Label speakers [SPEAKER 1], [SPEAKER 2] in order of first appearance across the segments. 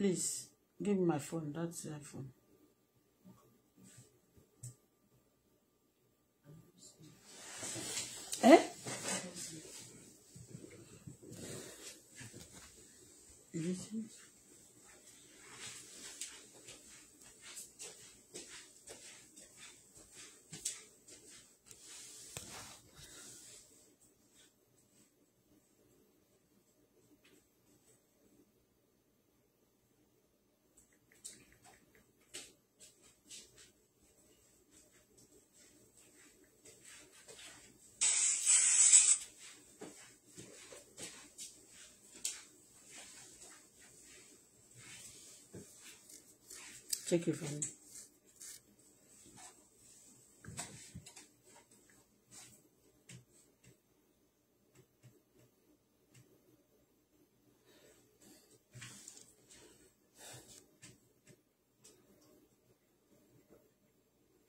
[SPEAKER 1] Please, give me my phone. That's the phone. Eh? Is Check it for me.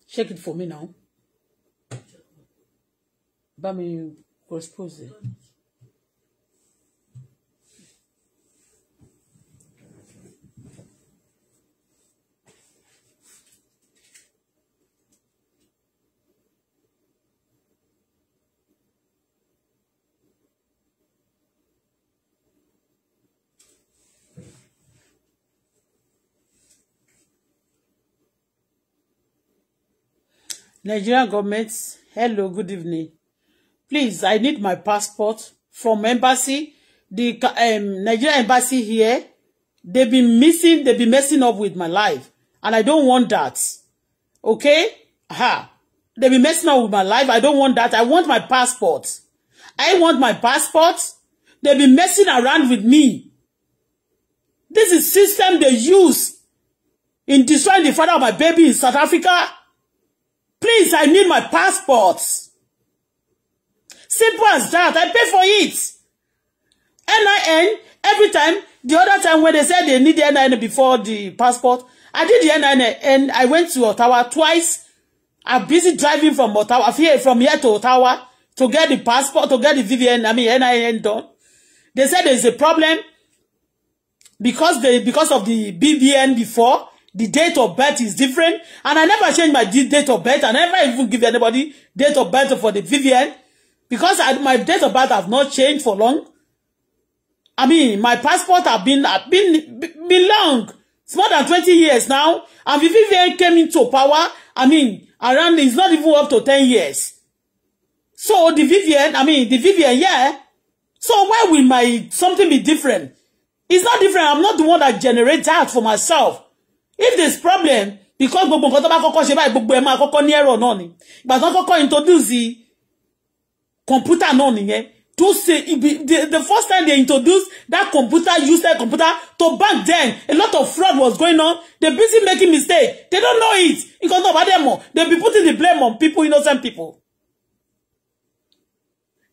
[SPEAKER 1] Check it for me now. Bami, correspose it. Nigerian government, hello, good evening. Please, I need my passport from embassy. The um, Nigerian embassy here, they been missing, they been messing up with my life. And I don't want that. Okay? Ha. They been messing up with my life. I don't want that. I want my passport. I want my passport. They been messing around with me. This is system they use in destroying the father of my baby in South Africa. Please, I need my passport. Simple as that. I pay for it. NIN, every time, the other time when they said they need the NIN before the passport, I did the NIN and I went to Ottawa twice. I'm busy driving from Ottawa, from here to Ottawa to get the passport, to get the VVN, I mean NIN done. They said there's a problem because they because of the BVN before the date of birth is different and I never change my date of birth I never even give anybody date of birth for the Vivian because I, my date of birth have not changed for long I mean my passport have been have been been long it's more than 20 years now and Vivian came into power I mean around it's not even up to 10 years so the Vivian I mean the Vivian yeah so why will my something be different it's not different I'm not the one that generates that for myself if there problem because gbogbo nǹkan tó bá kọ́kọ́ ṣe báyìí gbogbo ẹ̀ máa kọ́kọ́ ní ẹ̀rọ náà ni ìgbà tó kọ́kọ́ introduce kọ̀ǹpútà náà nìyẹn tó ṣe ibi the the first time they introduce that computer user computer to back then a lot of fraud was going on they busy making mistake they don't know it because nobody bá they be putting the blame on people innocent people.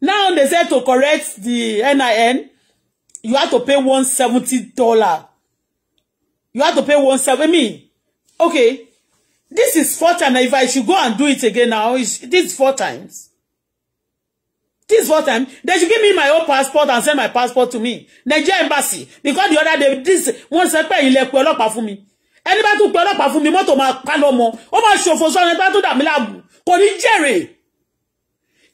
[SPEAKER 1] now they said to correct the NIN you have to pay one seventy dollar You had to pay one seven. I mean, okay, this is four times. If I should go and do it again now, this is four times. This is four times. They should give me my own passport and send my passport to me. Nigeria embassy. Because the other day, this one said, pé ilé pé ọlọ́pàá fún mi. Ẹni bá tún pé ọlọ́pàá fún Oh my máa pa lọ́mọ. Ó máa ṣòfò sọ́nà ẹni bá tún dà mí láàmú. Kò ní jèrè.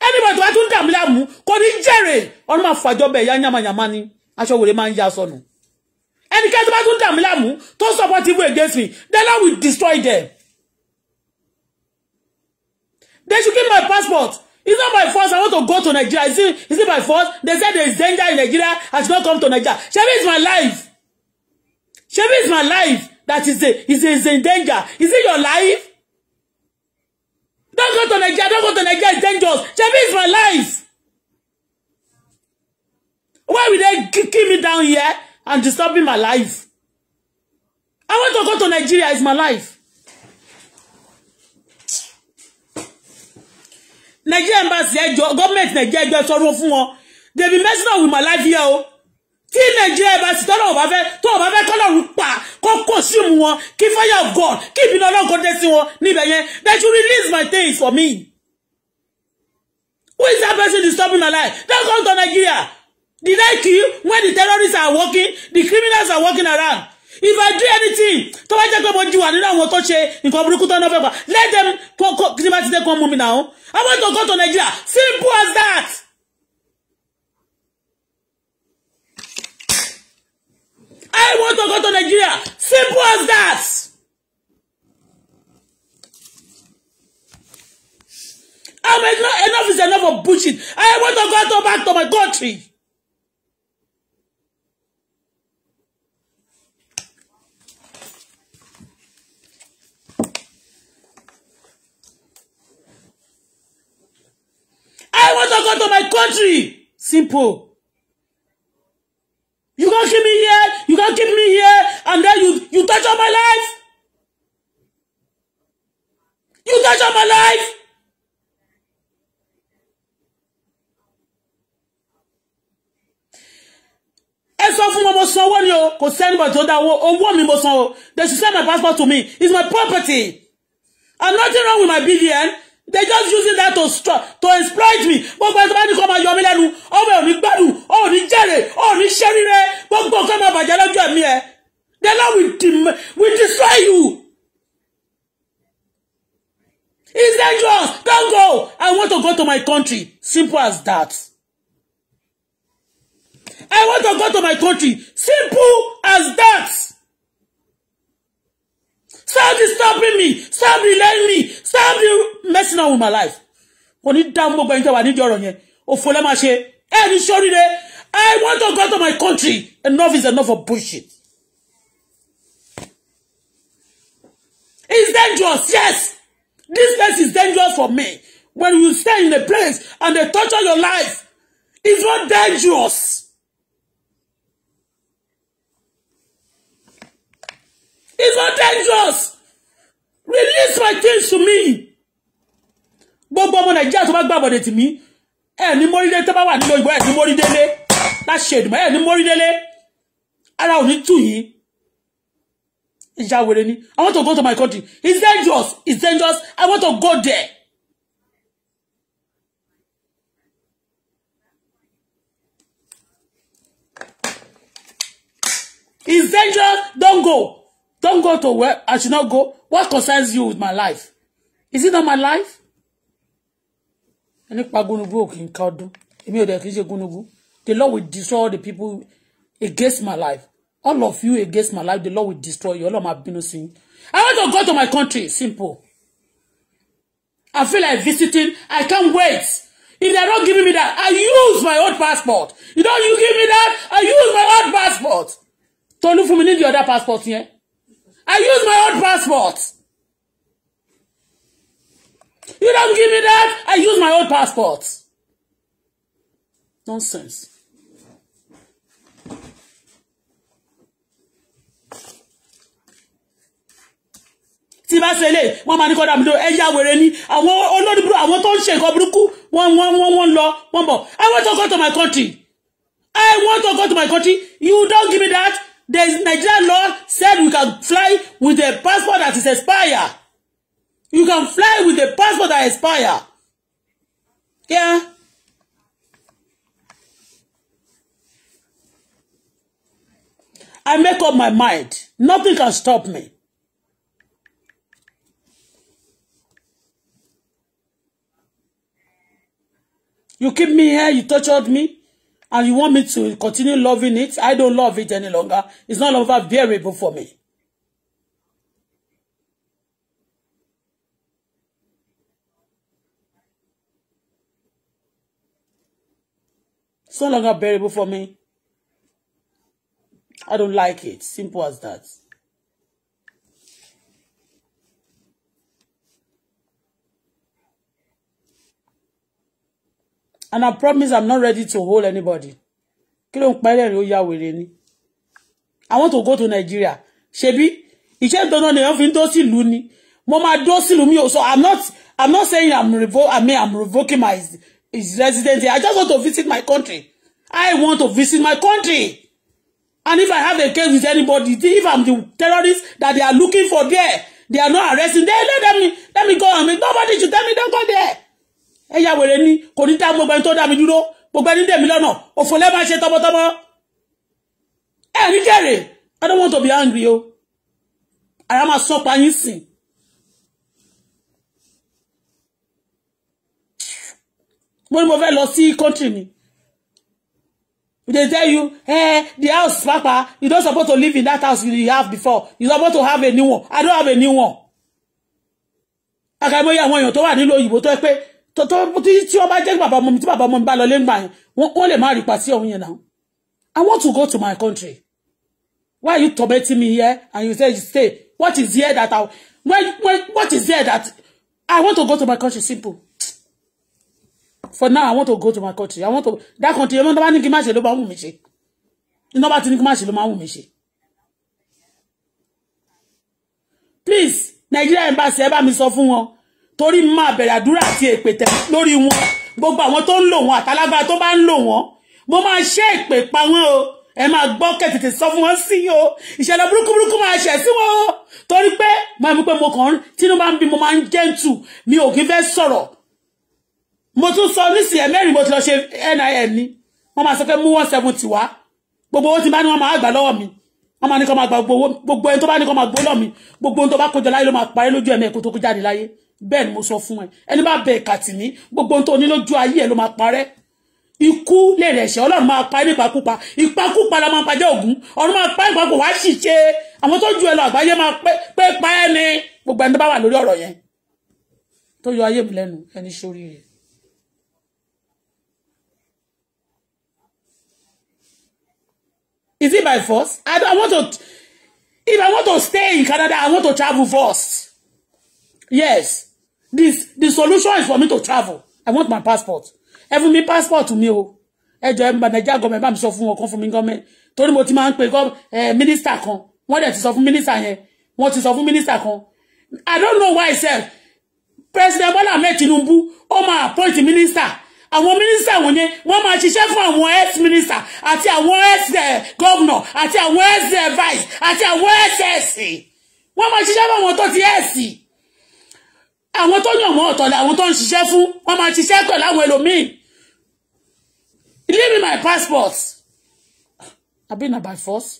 [SPEAKER 1] Ẹni bá tún dà mí láàmú. Kò ní jèrè. Ọ̀run máa fàjọ ẹnikẹ́ni tó bá tún dà mí láàmú tó support evil against me then I will destroy them. They should keep my passport. It's not by force. I want to go to Nigeria. Is it, is it by force? They said there is danger in Nigeria. I should not come to Nigeria. Shebi is my life. Shebi is my life. That is a, is, a, is in danger. Is it your life? Don't go to Nigeria. Don't go to Nigeria. It's dangerous. Shebi is my life. Why will they kill me down here? and disturbing my life. I want to go to Nigeria. It's my life. Nigeria embassy government Nigeria ẹjọ́ sọ̀rọ̀ fún wọn. They be messing up with my life here o. Oh. Tí Nigeria embassy tọ́lọ̀ ọba fẹ́ tó ọba fẹ́ kọ́lọ̀rù pa kó kò sí mu wọn kí fire of God kí ìbínú ọlọ́gọ́ dé sí wọn níbẹ̀ yẹn. They should release my things for me. Who is that person disturbing my life? Don't go to Nigeria. Did I kill when the terrorists are walking? The criminals are walking around. If I do anything, tó bá jẹ́ pé mo ju wà nínú àwọn tó ṣe nǹkan Let them kó kó kí ni bá I want to go to Nigeria. Simple as that. I want to go to Nigeria. Simple as that. I'm enough, enough is enough of bullshit. I want to go to back to my country. return to my country. Simple. You can't keep me here. You can't keep me here. And then you, you touch on my life. You touch on my life. ẹ sọ fún wọn mo san owó ni o kò sẹ́ni bọ̀ tó dá owó owó mi mo san o they should send my passport to me it's my property and nothing wrong with my BVN they just using that to to exploit me gbogbo ẹni tó bá ní kó máa yọ mí lẹ́nu ọmọ ẹ̀ ò ní gbádùn ò ní jèrè ò ní ṣe rírẹ gbogbo nǹkan máa bàjẹ́ lójú ẹ̀mí ẹ̀ the Lord will, dem will destroy you it's dangerous don't go I want to go to my country simple as that I want to go to my country simple as that. Stop disturbing me. Stop delaying me. Stop the messing up with my life. Kò ní dá gbogbo ẹni tẹ́ wà nídìí ọ̀rọ̀ yẹn. Òfò lẹ́ máa ṣe. Ẹ ní sọ́ríre. I want to go to my country. Enough is enough of bullshit. It's dangerous, yes. This place is dangerous for me. When you stay in a place and they torture your life, it's not dangerous. It's not dangerous. Release my things to me. Gbogbo ọmọ Nàìjíríà tó bá gbà bọ̀dẹ̀ tì mí. Ẹ ní mórídé tó bá wà nínú ìgbọ́ ẹ̀ ní mórídélé. Láṣẹ ìdùnnú ẹ̀ ní mórídélé. Ara ò ní tù yín. Ìjà wèrè ni. I want to go to my country. It's dangerous. It's dangerous. I want to go there. It's dangerous. Don't go. Don't go to where I should not go. What concerns you with my life? Is it not my life? The Lord will destroy all the people against my life. All of you against my life, the Lord will destroy you. All máa bínú sí I want to go to my country. Simple. I feel like visiting. I can't wait. If they're not giving me that, I use my old passport. You don't you give me that, I use my old passport. Tolu fún me need the other passport here? Yeah? I use my own passport. You don't give me that, I use my own passport. Nonsense. tí bá ṣe eléyìí wọ́n máa ní kọ́dà mi ló ẹ̀yà wèrè ni àwọn olórí burúkú àwọn tó ń ṣe nǹkan burúkú wọ́n wọ́n wọ́n wọ́n lọ wọ́n bọ̀ I want to go to my country I want to go to my country you don't give me that The Nigerian law said we can fly with a passport that is expired. You can fly with a passport that expire. Yeah. I make up my mind. Nothing can stop me. You keep me here, you tortured me and you want me to continue loving it, I don't love it any longer. It's no longer variable for me. It's no longer bearable for me. I don't like it. Simple as that. and I promise I'm not ready to hold anybody. Kí ló ń pa ẹlẹ́rìí ó ya wèrè I want to go to Nigeria. Ṣebí iṣẹ́ ìtọ́nà ni wọ́n fi ń dó sílùú ni. Mo máa dó So I'm not I'm not saying I'm revo I mean I'm revoking my his residency. I just want to visit my country. I want to visit my country. And if I have a case with anybody, if I'm the terrorist that they are looking for there, they are not arresting, then let me let me go. I mean nobody should tell me don't go there ẹ yà wèrè ni kò ní dá gbogbo ẹni tó dá mi dúró gbogbo ẹni dèmi lọ́nà òfò lẹ́ máa ṣe tọmọtọmọ ẹ ní kẹrè I don't want to be angry o ara máa sọ pa yín sìn. mo ní mo fẹ́ lọ sí country mi they tell you eh the house papa you don't suppose to live in that house you have before you suppose to have a new one I don't have a new one àkàìmọye àwọn èèyàn tó wà nílò òyìnbó tó ẹ pé tọ́tọ́ tí wọ́n bá jẹ́ bàbá ọmọ mi tí bàbá ọmọ mi bá lọ lẹ́gbàá yẹn wọ́n lè má rí pa sí ọ̀hún yẹn náà I want to go to my country why you tormenting me here and you say you stay what is here that I when, when, what is here that I want to go to my country simple for now I want to go to my country I want to that country ẹ̀rọ nígbà ní kí n má ṣe ló máa wù mí ṣe nígbà tí ní kí n má ṣe ló máa wù mí ṣe please Nigeria embassy ẹ bá mi sọ fún wọn torí máa bẹ̀rẹ̀ àdúrà àti èpè tẹ̀ lórí wọn gbogbo àwọn tó ń lò wọn àtàlágbà tó bá ń lò wọn mo máa ṣe èpè pa wọn o ẹ máa gbọ́ kẹ̀tẹ̀tẹ̀ sọ fún wọn sí o ìṣẹ̀lẹ̀ burúkú burúkú máa ṣẹ̀ sí wọn o torí pé máa mú pé mo kàn ń tínú bá ń bí mo máa ń jẹ́ǹtù mi ò kí fẹ́ sọ̀rọ̀ mo tún sọ nísìnyí ẹ̀mẹ́rin mo ti lọ ṣe NIN ni wọ́n máa sọ pé mú one seventy wá gbogbo owó tí bá ní wọ́n máa gbà lọ́wọ́ mi wọ́n máa ní kó máa gbà gbogbo ẹni tó bá ní kó máa gbó lọ́ọ̀ mi gbogbo ohun tó bá kójọ láyé ló máa parẹ́ lójú ẹ̀mẹ́ kó tó kó jáde láyé bẹ́ẹ̀ ni mo sọ fún ẹ ẹni bá bẹ ìkà tì gbogbo ohun tó ní lójú ayé ẹ ló máa parẹ́ ikú lè rẹ̀ṣẹ̀ ọlọ́run máa pa nípakúpa ìpakúpa la máa pàdé ògún ọ̀run máa pa ìpakúpa wàá sì ṣe àwọn tó ju ẹ lọ àgbáyé máa pé pa ẹ ní gbogbo ẹni bá wà lórí ọ̀rọ̀ yẹn tó yọ ayé mi lẹ́nu ẹni sórí rẹ̀. Is it by force? I, don't want to, if I want to stay in Canada, I want to travel first. Yes this the solution is for me to travel i want my passport ẹ me mi passport mi o ẹ jọ ẹ bá nàìjíríà gọọmẹ bá mi sọ fún wọn kan fún mi gọọmẹ torí mo ti máa ń pe mínísítà kan wọ́n dẹ̀ ti sọ fún mínísítà yẹn wọ́n ti sọ fún mínísítà kan i don't know why sef president bola ahmed tinubu ó máa appoint minister àwọn minister wọ̀nyẹn wọ́n máa ṣiṣẹ́ fún àwọn ex minister àti àwọn ex governor àti àwọn ex vice àti àwọn ex ẹ̀sìn wọ́n máa ṣiṣẹ́ fún àwọn tó ti ẹ̀sìn àwọn tó yàn wọ́n ọ̀tọ̀ làwọn tó ń ṣiṣẹ́ fún wọ́n máa ṣiṣẹ́ pẹ̀lú àwọn ẹlòmíì leave me my passport been na by force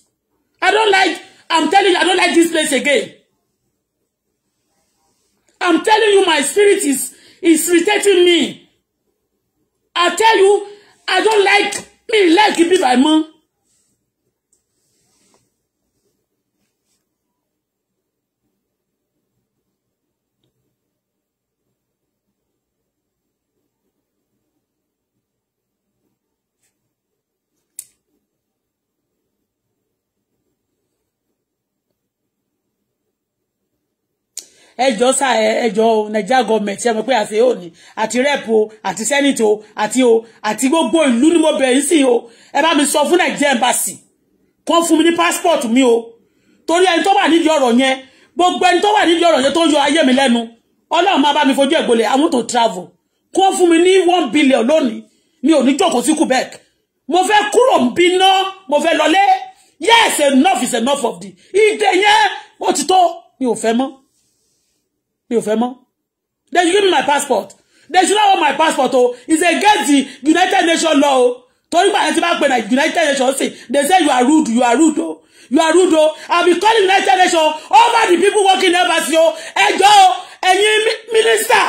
[SPEAKER 1] i don't like i'm telling you i don't like this place again i'm telling you my spirit is is irritating me i tell you i don't like me like be my mom. ẹjọ́ sá ẹjọ́ Nigeria government ẹ mọ̀ pé àti èèyàn ni àti rep o àti senate o àti o àti gbogbo ìlú ni mo bẹ̀rẹ̀ sí o ẹ bá mi sọ fún Nigeria embassy kán fún mi ní passport mi o torí ẹni tó wà nídìí ọ̀rọ̀ yẹn gbogbo ẹni tó wà nídìí ọ̀rọ̀ yẹn tó ń yọ ayé mi lẹ́nu ọlọ́run máa bá mi fojú ẹ̀gbọ́lẹ̀ I want to travel kán fún mi ní one billion lónìí mi ò ní jókòó sí Quebec mo fẹ́ kúrò ń bí ná mo fẹ́ lọlé yes enough is enough of the ìdè yẹn ó ti tó mi ò fẹ́ mọ́ mi ò fẹ́ mọ́ they should give me my passport they should not want my passport o oh. it's against the United Nations law o oh. torí gbàgbé tí bá pè United Nations say they say you are rude you are rude o oh. you are rude o I be calling United Nations over the people working embassy o ẹjọ́ o ẹ̀yin minister.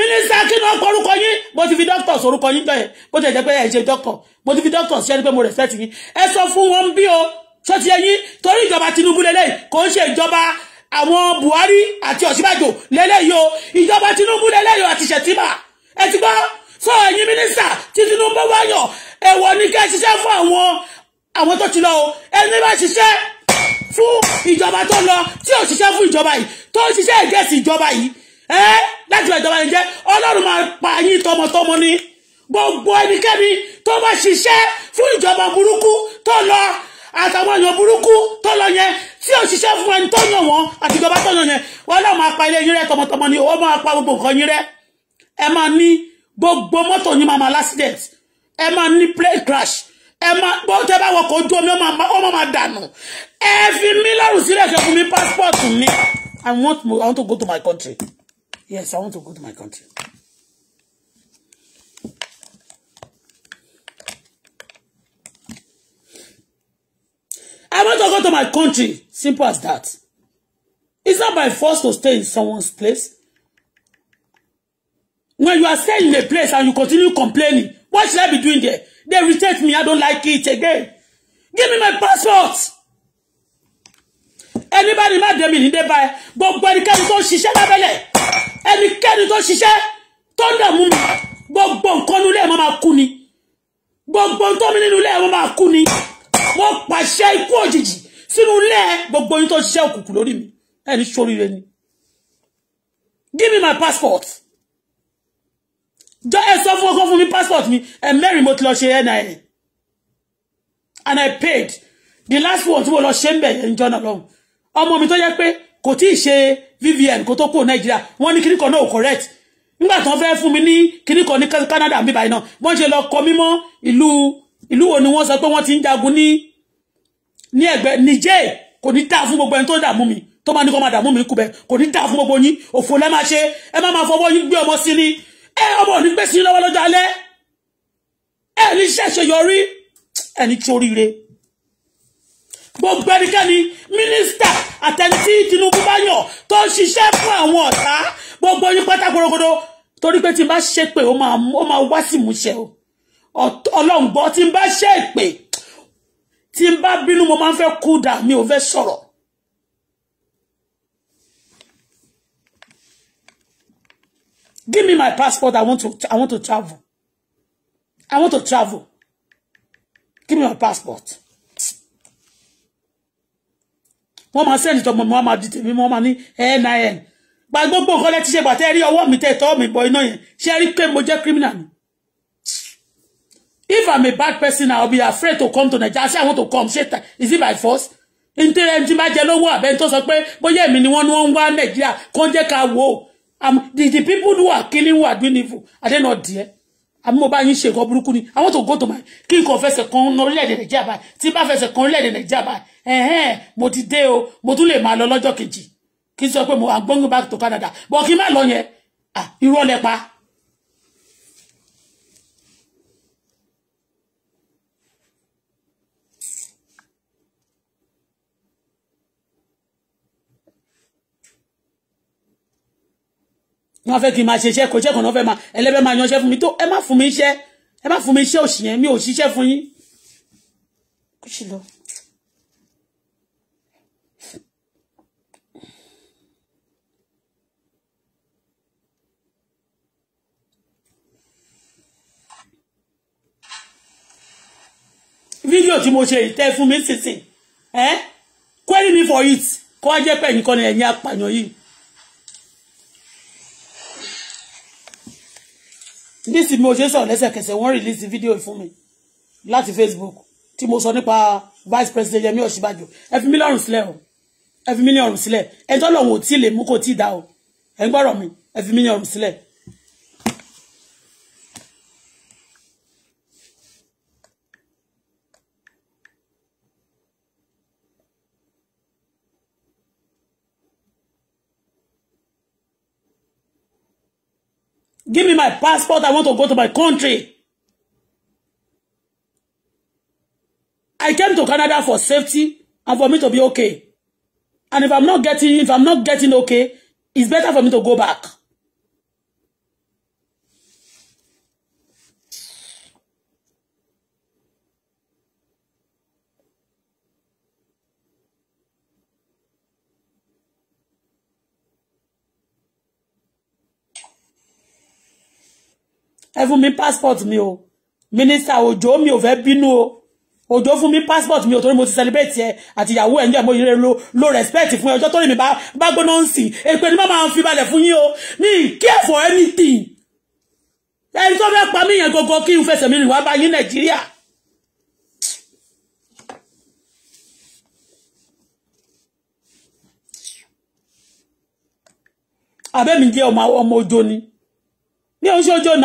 [SPEAKER 1] Minister kí ni wọ́n but if you doctor sọ̀rúkọ yín bẹ́ẹ̀ bó ti ẹ̀ jẹ́ pé ẹ̀ doctor mo ti fi doctor ṣe ẹni pé mo respect yín ẹ sọ fún wọn bí o ṣó ti ẹyin torí ìjọba Tinubu lélẹ́yìn kò ń ṣe àwọn Buhari àti Ọ̀ṣínbàjò lẹ́lẹ́yọ ìjọba Tinubu lẹ́lẹ́yọ àti Ṣètìmà ẹ ti gbọ́ sọ ẹ̀yin mínísítà tí Tinubu bá yọ ẹ̀wọ̀ ní ká ṣiṣẹ́ fún àwọn àwọn tó ti lọ o ẹni bá ṣiṣẹ́ fún ìjọba tó lọ tí ò ṣiṣẹ́ fún ìjọba yìí tó ń ṣiṣẹ́ ìgẹ̀sì ìjọba yìí ẹ láti lọ ìjọba yìí jẹ́ Ọlọ́run máa pa yín tọmọtọmọ ni gbogbo ẹnikẹ́ni tó bá ṣiṣẹ́ fún ìjọba burúkú tó lọ àtàwọn èèyàn burúkú tó lọ yẹn tí ò fún ẹni tó yàn wọ́n àti ìjọba tó yàn yẹn wọ́n náà máa pa ilé yín rẹ̀ tọmọtọmọ ni owó máa pa gbogbo nǹkan yín rẹ̀ ẹ máa ní gbogbo mọ́tò yín máa máa l'accident ẹ máa ní plane crash ẹ máa bó tẹ bá wọkọ̀ ojú omi ọmọ máa dànù ẹ fi mí lọ́rùn sílẹ̀ ṣe fún mi passport mi I want, I want to go to my country yes I want to go to my country. I want to go to my country. Simple as that. It's not by force to stay in someone's place. When you are staying in a place and you continue complaining, what should I be doing there? They reject me. I don't like it again. Give me my passport. Anybody má dé mi ní dé báyìí. Gbogbo ẹnikẹ́ni tó ń ṣiṣẹ́ lábẹ́lẹ̀. Ẹnikẹ́ni tó ń ṣiṣẹ́ tó ń dààmú mi. Gbogbo nǹkan nínú ilé ẹ̀ máa kú ni. Gbogbo nǹkan nínú ilé ẹ̀ máa kú ni mo pàṣẹ ikú òjijì sínú ilé gbogbo yín tó ṣiṣẹ́ òkùnkùn lórí mi ẹni ṣoríire ni give me my passport jọ ẹ sọ fún ọkọ fún mi passport mi ẹ mẹ́rin mo ti lọ ṣe NIN and I paid the last one tí mo lọ ṣe ń bẹ̀ yẹn ń jọ́nà lọ́hùn ọmọ mi tó yẹ pé kò tí ì ṣe VVN kó tó kúrò Nàìjíríà wọ́n ní kíníkan náà ò correct nígbà tí wọ́n fẹ́ fún mi ní kíníkan ní Canada mi báyìí náà wọ́n ṣe lọ kọ mímọ́ ìlú ìlú wo ni wọ́n sọ pé wọ́n ti ń jagun ní ní ẹ̀gbẹ́ Niger kò ní dáa fún gbogbo ẹni tó dààmú mi tó máa ní kó máa dààmú mi kú bẹ kò ní dáa fún gbogbo yín òfò lẹ́ máa ṣe ẹ má máa fọwọ́ yín gbé ọmọ sí ni ẹ ọmọ ò gbé sí lọ́wọ́ lọ́jọ́ alẹ́ ẹ ní ṣẹ̀ṣẹ̀ yọrí ẹ tí oríire gbogbo ẹnikẹ́ni mínísítà àtẹnití Tinubu bá yàn tó ń ṣiṣẹ́ fún àwọn ọ̀tá gbogbo yín pátákó rogodo torí pé tí n bá ṣépè ó máa wá sí ìmúṣẹ o ọlọ́run gbọ́ tí n bá ṣe ìpè tí n bá bínú mo máa ń fẹ́ kú dà mi ò fẹ́ sọ̀rọ̀. Give me my passport. I want to I want to travel. I want to travel. Give me my passport. Wọ́n máa sẹ́ni tọmọ mi, wọ́n máa di tèmi, wọ́n máa ní NIN. Eh, Gba gbogbo nǹkan lẹ́tí ṣe gbà tẹ́ rí ọwọ́ mi tẹ́ tọ́ mi bọ iná yẹn. Ṣé rí pé mo jẹ́ criminal ni? If I'm a bad person, I'll be afraid to come to Nigeria. I say I want to come. is it by force? Ntẹ́rẹ́ ntí máa jẹ lọ́wọ́ àbẹ́ tó sọ pé bóyá èmi ni wọ́n ní wọ́n ń wá Nàìjíríà kán jẹ́ ká The the people who are killing who are doing evil, are they not there? Àmì mo bá yín ṣe nǹkan burúkú ni. I want to go to my king n kàn fẹsẹ̀ kan orílẹ̀ Nigeria. Nàìjíríà báyìí. Tí bá fẹsẹ̀ kan orílẹ̀-èdè Nàìjíríà báyìí. Ẹ̀hẹ́n mo ti dé o, mo tún lè máa lọ lọ́jọ́ kejì. Kí n sọ mo I'm going back to Canada. But kí n má lọ yẹn, irọ́ lẹ pa. wọ́n fẹ́ kí n máa ṣe iṣẹ́ kò iṣẹ́ kan náà máa ẹlẹ́fẹ́ máa yanṣẹ́ fún mi tó ẹ má fún mi iṣẹ́ ẹ má fún mi iṣẹ́ òṣì yẹn mi ò ṣiṣẹ́ fún yín. fídíò tí mo ṣe ìtẹ́ fún mi sísìn ẹ́ query me for it kó wá jẹ́ pẹ̀yìn kan ẹ̀yìn apààyàn yìí. nísìnyí mo ṣe sọ̀rọ̀ lẹ́sẹ̀kẹsẹ̀ wọ́n release fídíò fún mi láti Facebook tí mo sọ nípa vice president Yẹmí Ọ̀ṣínbàjò ẹ fi mílíọ̀nù sílẹ̀ o ẹ fi mílíọ̀nù sílẹ̀ ẹjọ́ lọ́hùn ò tí ì lè mú kò tí ì dá o ẹ ń gbọ́rọ̀ mi ẹ fi mílíọ̀nù sílẹ̀ Give me my passport. I want to go to my country. I came to Canada for safety and for me to be okay. And if I'm not getting, if I'm not getting okay, it's better for me to go back. ẹ fún mi passport mi o minister òjò mi ò fẹ́ bínú o òjò fún mi passport mi ò torí mo ti celebrate ẹ àti ìyàwó ẹ̀ ń jẹ́ mo yẹrẹ lo lo respect fún ẹ ọjọ́ tó rí mi bá bá gbóná ń sìn èpè ni má máa fi balẹ̀ fún yín o mi care for anything ẹni tó fẹ́ pa mí yẹn gbogbo kí n fẹsẹ̀ mi rìn wá bá yín nàìjíríà. àbẹ́mi jẹ́ ọmọ ọmọ ọjọ́ ni mi ò ń ṣe ọjọ́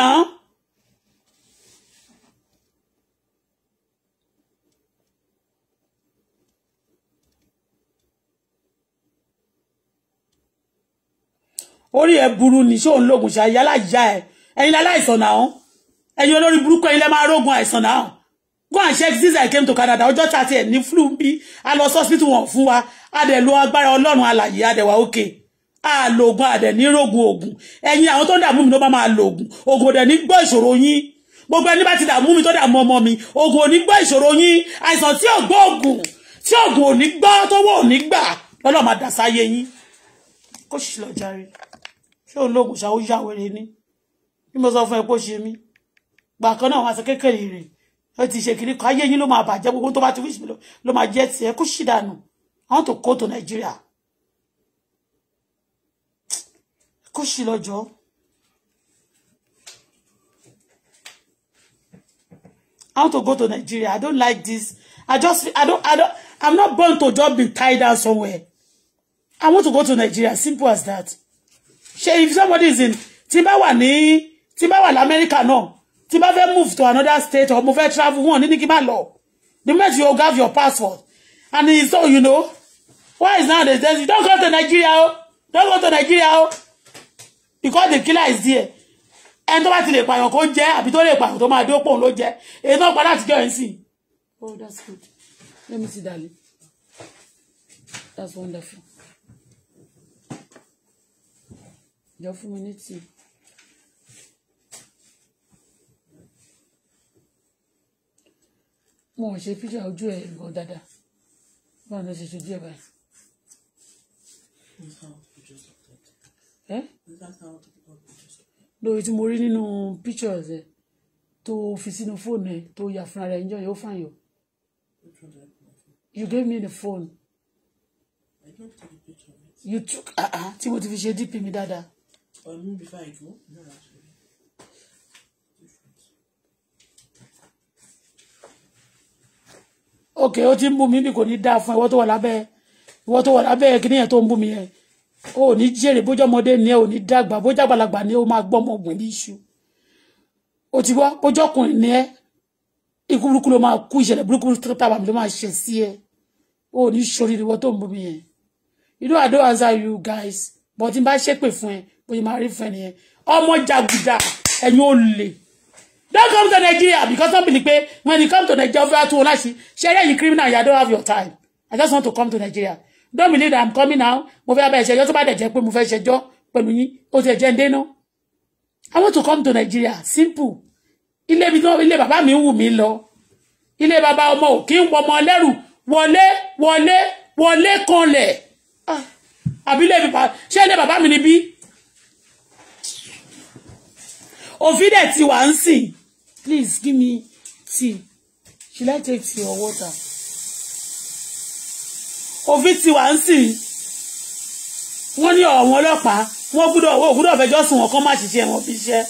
[SPEAKER 1] orí ẹ burú ni ṣó ń lóògùn ṣe ayé aláìyá ẹ ẹ̀yin aláìsàn náà ẹ̀yin olórí burúkú ẹ̀yin lẹ máa rógun àìsàn náà go and check since I came to Canada ọjọ́ tàti ẹ̀ ní flu bí a lọ sọ́sìpìtì wọn fún wa a dẹ̀ lo agbára ọlọ́run alàyè a dẹ̀ òkè a lo oògùn a dẹ̀ ní rógun oògùn ẹ̀yin àwọn tó ń dààmú mi ló bá máa lo oògùn oògùn dẹ̀ ní gbọ́ ìṣòro yín gbogbo ẹni bá ti dààmú mi tó dààmú ọmọ mi oògùn ò ní gbọ́ ìṣòro yín àìsàn tí ò oògùn tí oògùn ò ní tó wọ́ ò gbà lọ́lọ́ máa dà yín kó sì lọ jàre ṣé olóògùn ṣàwójáwèrè ni bí mo sọ fún ẹ pé ó ṣe mí gbà kan náà wọn aṣọ kékeré rè ó ti ṣe kiri kan ayé yín ló máa bàjẹ́ gbogbo tó bá ti wíṣì ló máa jẹ́ tiẹ̀ kó ṣì dànù I want to go to Nigeria kó ṣì lọ́jọ́. I want to go to Nigeria. I don't like this. I just, I don't, I don't, I'm not born to just be tied down somewhere. I want to go to Nigeria. Simple as that ṣe if somebody is in tí bá wà ní tí bá wà lamẹ́ríkà náà tí bá fẹ́ move to another state or mo fẹ́ travel wọn ní ní kí má lọ the moment you have your passport and it's so you know why is now the test you don go to Nigeria o oh. don go to Nigeria o oh. because the killer is there ẹni tó bá ti lè pààyàn kó jẹ́ àbí tó lè pààyàn tó máa dé òpó òun ló jẹ́ èyí náà padà ti jọ ẹ̀ ń oh that's good let me see that. that's wonderful. jọ fún mi ní tíì. mo ò ṣe fíjà ojú ẹ lọ dáadáa báwo ló ṣe ṣojú ẹ báyìí. lórí tí mo rí nínú pictures ẹ tó fi sínú fóònù ẹ tó yà fúnra rẹ ǹjọ́ yóò fàn yọ. you gave me the phone. you took ah, ah, tí mo ti fi ṣe dp mi dáadáa.
[SPEAKER 2] Or even before I go? No, actually.
[SPEAKER 1] Okay, ó ti ń bú mi bí kò ní dáa fún ìwọ tó wà lábẹ́ ìwọ tó wà lábẹ́ kíní yẹn tó ń bú mi yẹn ó ní jèrè bójú ọmọdé ni ẹ ò ní dàgbà bójú àgbàlagbà ni ó máa gbọ́ ọmọ ọ̀gbìn ní iṣu ó ti wọ́ bójú ọkùnrin ni ẹ ikú burúkú ló máa kú ìṣẹ̀lẹ̀ burúkú tábà mi ló máa ṣe sí ẹ ó ní sori ìwọ tó ń bú mi yẹn you know I don't answer you guys but n bá ṣépè fún ẹ bóyá máa rí fẹ́ nìyẹn ọmọ jàgùdà ẹ̀yin ò lè don't come to Nigeria because some believe pé when you come to Nigeria over two olashi ṣẹlẹ yìí criminal yà don't have your time I just want to come to Nigeria don't believe that I'm coming now mo fẹ́ abẹ́ ìṣẹ́jọ́ tó bá dẹ̀ jẹ́ pé mo fẹ́ ṣẹjọ́ pẹ̀lú yín ó ti ẹ̀jẹ̀ ń dénú I want to come to Nigeria simple ilé mi náà ilé bàbá mi ń wù mí lọ ilé bàbá ọmọ ò kí ń wọmọ lẹ́rù wọlé wọlé wọlé kanlẹ̀ ah, àbí ilé bàbá ṣé ilé bàbá mi ni bí òfin dẹ̀ ti wà ń sìn please give me tea should I take tea or water òfin ti wà ń sìn wọ́n ní ọ̀wọ́n ọlọ́pàá wọ́n gbúdọ̀ wọ́n gbúdọ̀ fẹjọ́ sùn wọn kán má ṣiṣẹ́ wọn fi ṣẹ́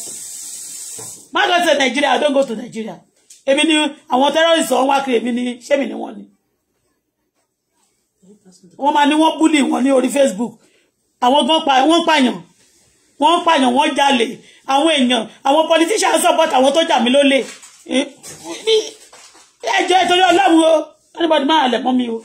[SPEAKER 1] má go to Nigeria I don go to Nigeria èmi ni àwọn terrorists wọn wá kiri èmi ni ṣémi ni wọ́n ni wọ́n máa ní wọ́n búlì wọn ní orí Facebook àwọn gan pa wọ́n pààyàn wọ́n pààyàn wọ́n jalè àwọn èèyàn àwọn politician support àwọn tó jà mí lólè eh, ẹjọ́ ìtorí ọlọ́run o anybody máa lẹ̀ mọ́ mi o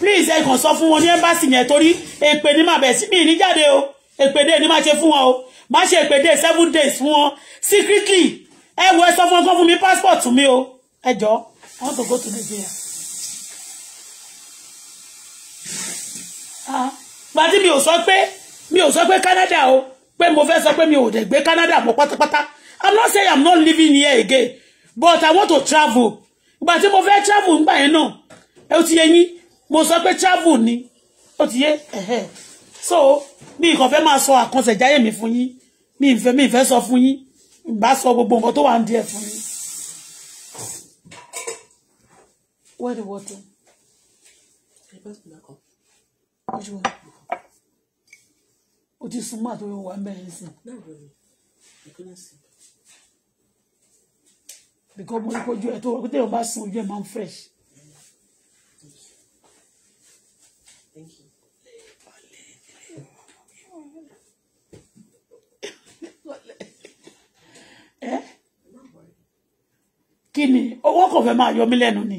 [SPEAKER 1] please ẹ kàn sọ fún wọn ní embassy yẹn torí èpè ní màá bẹ̀ sí mi ní jáde o èpèdè ní máa ṣe fún wọn o máa ṣe èpèdè seven days fún wọn secretly ẹ wo ẹ sọ fún wọn kó fún mi passport mi o ẹ jọ I want to go to Nigeria. gbàtí ah, mi ò sọ pé mi ò sọ pé Canada o pé mo fẹ́ sọ pé mi ò dẹ̀ gbé Canada mọ́ pátápátá I'm not saying I'm not living here again but I want to travel ìgbà tí mo fẹ́ travel nígbà yẹn náà ẹ ó ti yẹ yín mo sọ pé travel ni ó ti yẹ ẹ̀hẹ́ so mi kàn fẹ́ máa sọ àkànṣẹ̀jáyé mi fún yín mi ìfẹ́ mi ìfẹ́ so fún yín ìbá sọ gbogbo nǹkan tó wà ń díẹ̀ fún yín. where the water. Which one? o ti súnmọ́ àtòrí wa mẹ́rin sí because mo ní kojú ẹ tó wọ́n pété ìwọ̀n bá sun ojú ẹ máa ń fresh. Thank you. kí ni owó kò fẹ́ máa yọ mí lẹ́nu ni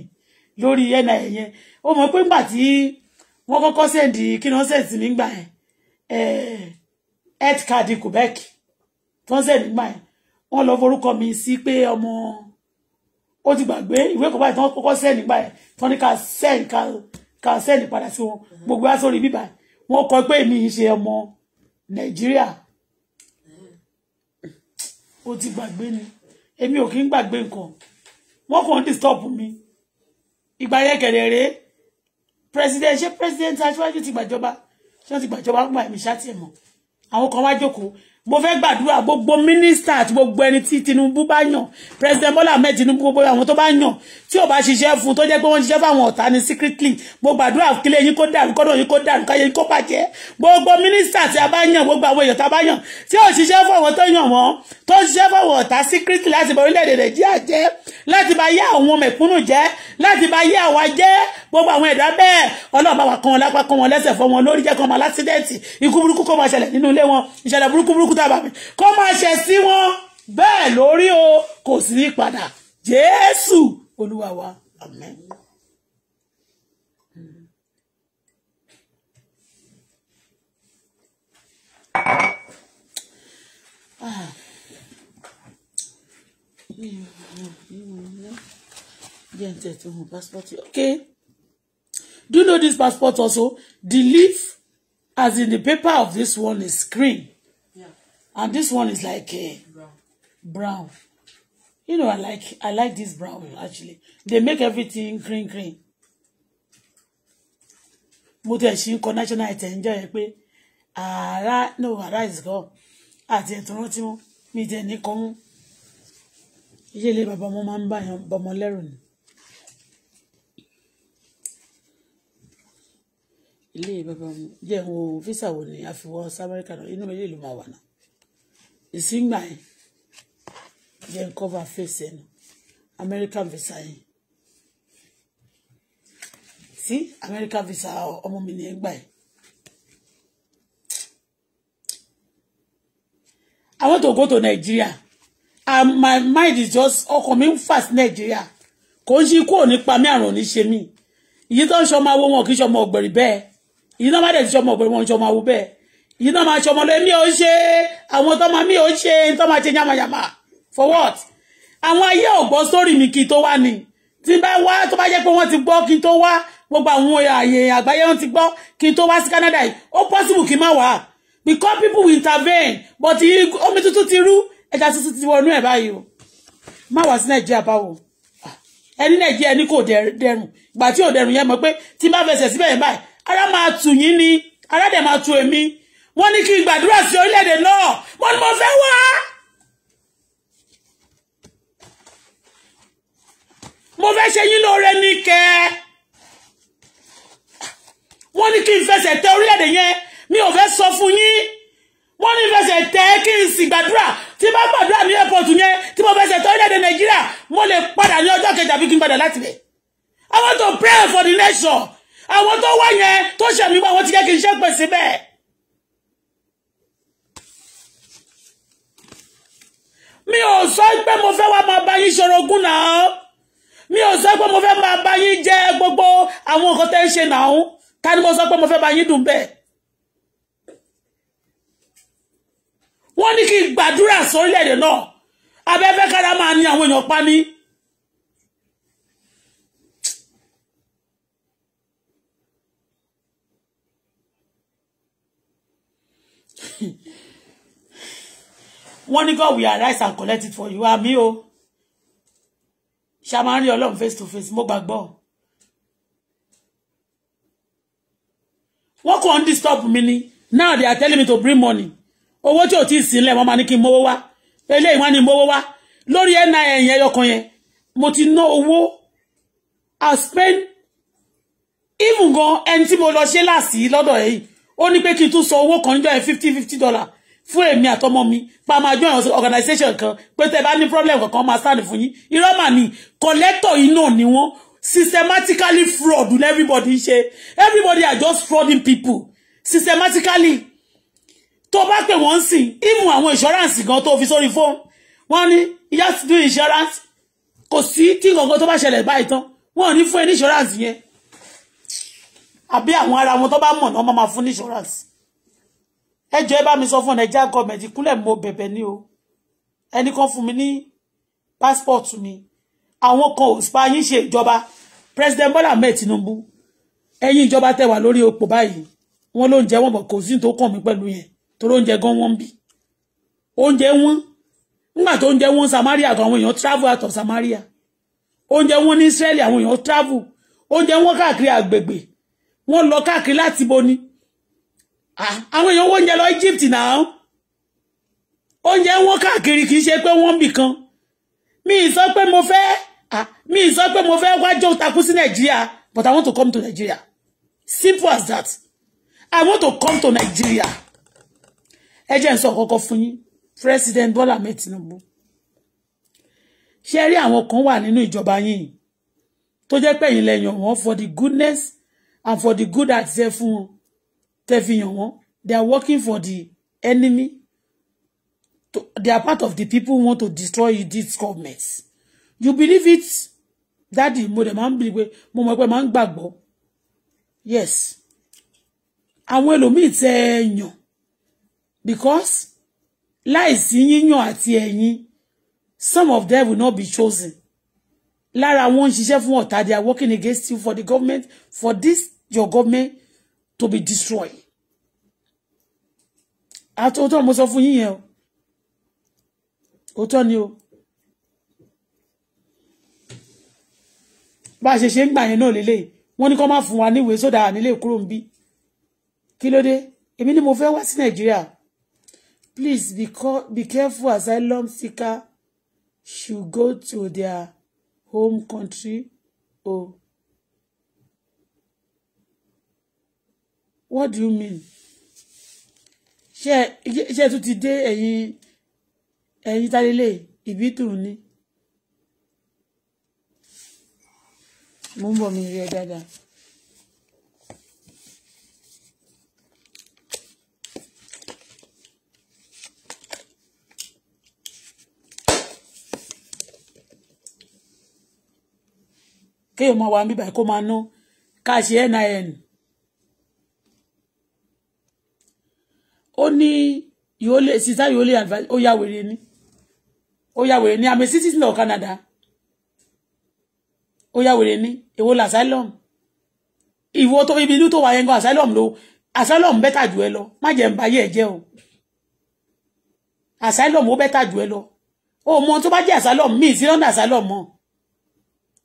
[SPEAKER 1] lórí ẹ̀ náà ẹ̀yẹn e ó mọ̀ pé ńgbà tí wọ́n kọ́kọ́ sẹ́ǹdì kí ni wọ́n sẹ́ǹdì nígbà yẹn Eh, health card Quebec tó ń sẹ̀ On yẹn wọ́n lọ forúkọ mi sí pé ọmọ ó ti gbàgbé ìwé kọ̀ọ̀bá tí wọ́n kọ́kọ́ sẹ̀ nígbà yẹn tó ní ká sẹ̀ ká sẹ̀ ní padà sí wọn gbogbo wá sórí bíbá wọn kọ pé èmi ń ṣe ọmọ Nàìjíríà ó ti gbàgbé ni èmi ò kí ń gbàgbé nǹkan wọn kàn ń disturb mi ìgbà yẹn kẹ̀rẹ̀ rèé president ṣé president aṣáájú ti gbàjọba ṣé wọ́n ti gbàjọba gbà mí ṣáàtì mọ́ àwọn kan wá jókòó mo fẹ́ gbàdúrà gbogbo mínísítà àti gbogbo ẹni tí Tinubu bá yàn president Bola Ahmed Tinubu gbogbo àwọn tó bá yàn tí ò bá ṣiṣẹ́ fún tó jẹ́ pé wọ́n ṣiṣẹ́ fáwọn ọ̀tá ni secretly mo gbàdúrà kílé yín kó dàrú kọ́dọ̀ yín kó dàrú káyé yín kó bàjẹ́ gbogbo mínísítà tí a bá yàn gbogbo àwọn èèyàn tá a bá yàn tí ò ṣiṣẹ́ fáwọn tó yàn wọ́n tó ṣiṣẹ́ fáwọn ọ̀tá secretly láti bọ̀ orílẹ̀-èdè Nàìjíríà jẹ́ láti bá yé àwọn mẹ̀kúnnù jẹ́ láti bá yé àwa jẹ́ gbogbo àwọn ẹ̀dá bẹ́ẹ̀ Ọlọ́run bá wa kan wọn lápá kan wọn lẹ́sẹ̀ fọ́ wọn lórí jẹ́ kan wọn lásídẹ̀ẹ̀tì ikú burúkú kó máa ṣẹlẹ̀ nínú ilé wọn ìṣẹ̀lẹ̀ burúkú burúkú òkúta bàbá kó máa ṣe sí wọn bẹ́ẹ̀ lórí o kò sí ní padà jésù olúwa wa amen. Ah. Okay. Do you know this passport also? The leaf, as in the paper of this one, is green and this one is like a eh, brown. brown you know I like I like this brown actually they make everything green green mo tẹ̀ sí nǹkan national item ń jẹ́ pé no ààrá is gone àti ẹ̀tọ́ rántí wọn mi tẹ̀ ní kan mú iṣẹ́ ilé bàbá ọmọ máa ń bá yan bọmọ lẹ́rù ni. ilé bàbá ọmọ jẹ́ ìwọ̀n wo ni àfiwọ́ sábẹ́ríkà náà inú mi lè ló máa wà náà ìsíngbà yẹn jẹ́ ń cover face American visa yẹn sí American visa ọmọ mi ni ẹ̀ ń I want to go to Nigeria and my mind is just ọkàn mi ń fà sí Nigeria kò ń ṣe ikú ò ní pa mí àrùn ò ní ṣe mí ìyí tó ń ṣọmọ awo wọn kì í ṣọmọ ọ̀gbẹ̀rì bẹ́ẹ̀ ìyí tó ń bá dẹ̀ ti ṣọmọ ọ̀gbẹ̀rì wọn ń ṣọmọ awo bẹ́ẹ̀ yìí náà máa ṣe ọmọlẹ́ mi ò ṣe àwọn tó máa mi ò ṣe tó máa ṣe yamayama for what àwọn ayé ò gbọ́ sórí mi kí tó wá ni tí bá wá tó bá jẹ́ pé wọ́n ti gbọ́ kí tó wá gbogbo àwọn ààyè àgbáyé wọn ti gbọ́ kí tó wá sí Canada yìí ó possible kí má wá because people will intervene but omi tuntun ti rú ẹja tuntun ti wọnú ẹ̀ báyìí o má wá sí Nàìjíríà báwo ah, ẹni Nàìjíríà ẹni kò dẹrùn ìgbà tí ò dẹrùn yẹn mọ̀ pé tí bá fẹsẹ̀ síbẹ̀ yẹn báyìí ara máa tù yín ni ara dẹ̀ máa tù èmi wọ́n ní kí n gbàdúrà sí orílẹ̀-èdè náà wọ́n ní mo fẹ́ wá. mo fẹ́ ṣe yín lóore ní kẹ́ wọ́n ní kí n fẹsẹ̀ tẹ orílẹ̀-èdè yẹn mi ò fẹ́ sọ fún yín wọ́n ní fẹsẹ̀ tẹ kí n sì gbàdúrà tí bá gbàdúrà ní airport yẹn tí mo fẹsẹ̀ tẹ orílẹ̀-èdè nàìjíríà mo lè padà ní ọjọ́ kejì àbí kí n padà láti bẹ̀. I want to pray for the nation àwọn tó wá yẹn tó ṣẹ̀mí wá wọ́n ti jẹ́ kí n ṣe pèsè bẹ́ẹ̀. mi ò sọ pé mo fẹ́ wá máa bá yín ṣorogún náà mi ò sọ pé mo fẹ́ máa bá yín jẹ gbogbo àwọn nǹkan tẹ́ ń ṣe náà ta ni mo sọ pé mo fẹ́ bá yín dùn bẹ́ẹ̀. wọ́n ní kí n gbàdúrà sórílẹ̀-èdè náà abẹ́fẹ́ kára máa ní àwọn èèyàn pa ni. wọ́n ní God will arise and collect it for you àmì o ṣá máa ń rí ọlọ́run face to face mo gbàgbọ́ wọ́n kàn ń disturb mi ni now they are telling me to bring money owó tí ò tí ì sílẹ̀ wọ́n máa ní kí n mówó wá eléyìí wọ́n á ní mówó wá lórí ẹ̀ náà ẹ̀yìn ẹyọkan yẹn mo ti ná owó i spend even gan ẹni tí mo lọ ṣe láàsì lọ́dọ̀ yìí ó ní pé kí n tún sọ owó kan níjọ́ yẹn fifty fifty dollar fún èmi àtọmọ mi pa máa join organization kan pé tẹ́ bá ní problem kankan máa stand fún yín irọ́ mà ní collector yìí náà ni wọ́n systematically fraud ní everybody ń ṣe everybody are just frauding people systematically tó bá pè wọ́n sìn ìmú àwọn insurance gan tó fi sórí fóònù wọ́n ní ìyá ti do insurance kò sí tí gangan tó bá ṣẹlẹ̀ báyìí tán wọ́n ní fún ẹ ní insurance yẹn àbí àwọn ara wọn tó bá mọ̀ náà máa fún ní insurance ẹ jọ̀ọ́ ẹ bá mi sọ fún Nigeria government ìkúnlẹ̀ mo bẹ̀bẹ̀ ni o ẹnì kan fún mi ní passport mi àwọn kan ò spa yín ṣe ìjọba president Bola Ahmed Tinubu ẹ̀yin ìjọba tẹ́ wà lórí ipò báyìí wọ́n ló ń jẹ wọ́n bọ̀ kò sí tó kàn mí pẹ̀lú yẹn torí oúnjẹ gan wọ́n ń bì oúnjẹ wọn nígbà tó oúnjẹ wọn Samaria àtàwọn èèyàn travel out of Samaria oúnjẹ wọn ní Israeli àwọn èèyàn travel oúnjẹ wọn káàkiri àgbègbè wọ́n lọ káàkiri láti bo ni Ah, àwọn èèyàn wọ́n oúnjẹ lọ Egypt náà oúnjẹ wọn káàkiri kì í ṣe pé wọ́n bì kan mi ì sọ pé mo fẹ́ ah, mi ì sọ pé mo fẹ́ wájú takú sí Nàìjíríà but I want to come to Nigeria simple as that I want to come to Nigeria ẹ jẹ́ n sọ kọ́kọ́ fún yín President Bola Ahmed Tinubu ṣe rí àwọn kan wà nínú ìjọba yín tó jẹ́ pé ẹ̀yin lẹ́yìn wọn for the goodness and for the good àti ṣe fún wọn tẹ́ fi they are working for the enemy to, they are part of the people who want to destroy you this government you believe it Daddy? mo dẹ̀ máa ń bìí pé mo mọ̀ pé máa ń gbàgbọ́ yes àwọn ẹlòmíì tẹ́ ẹ yàn because láìsí yíyàn àti ẹ̀yìn some of them will not be chosen lára wọn ń ṣiṣẹ́ fún ọ̀tá they are working against you for the government for this your government to be destroyed àti òótọ́ mo sọ fún yín yẹn o òótọ́ ni o bá a ṣe ṣe ń gbà yẹn náà lélẹ́yìí wọ́n ní kó má fún wa níwèé sódà nílé kúrò ń bí kí ló dé èmi ni mo fẹ́ wá sí nàìjíríà please be, be careful asylum seeker should go to their home country o. Oh. what do you mean ṣé ṣé tún ti dé ẹ̀yin ẹ̀yin tálélé ìbítùrún ni mo ń bọ̀ mi rí ẹ dáadáa. kéèyàn máa wà ń bíbà kó máa ná ká ṣe nin ó ní you only sister you only advice ó yá wèrè ni ó yá wèrè ni I'm a citizen of Canada ó yá wèrè ni èwo la asylum ìwọ tó ibi inú tó wà yẹn gan asylum ló asylum bẹ́tà jù ẹ lọ má jẹ́ ń bayé ẹ̀ jẹ́ o asylum ó bẹ́tà jù ẹ lọ o mọ tó bá jẹ́ asylum mi sí lọ́ndà asylum mọ́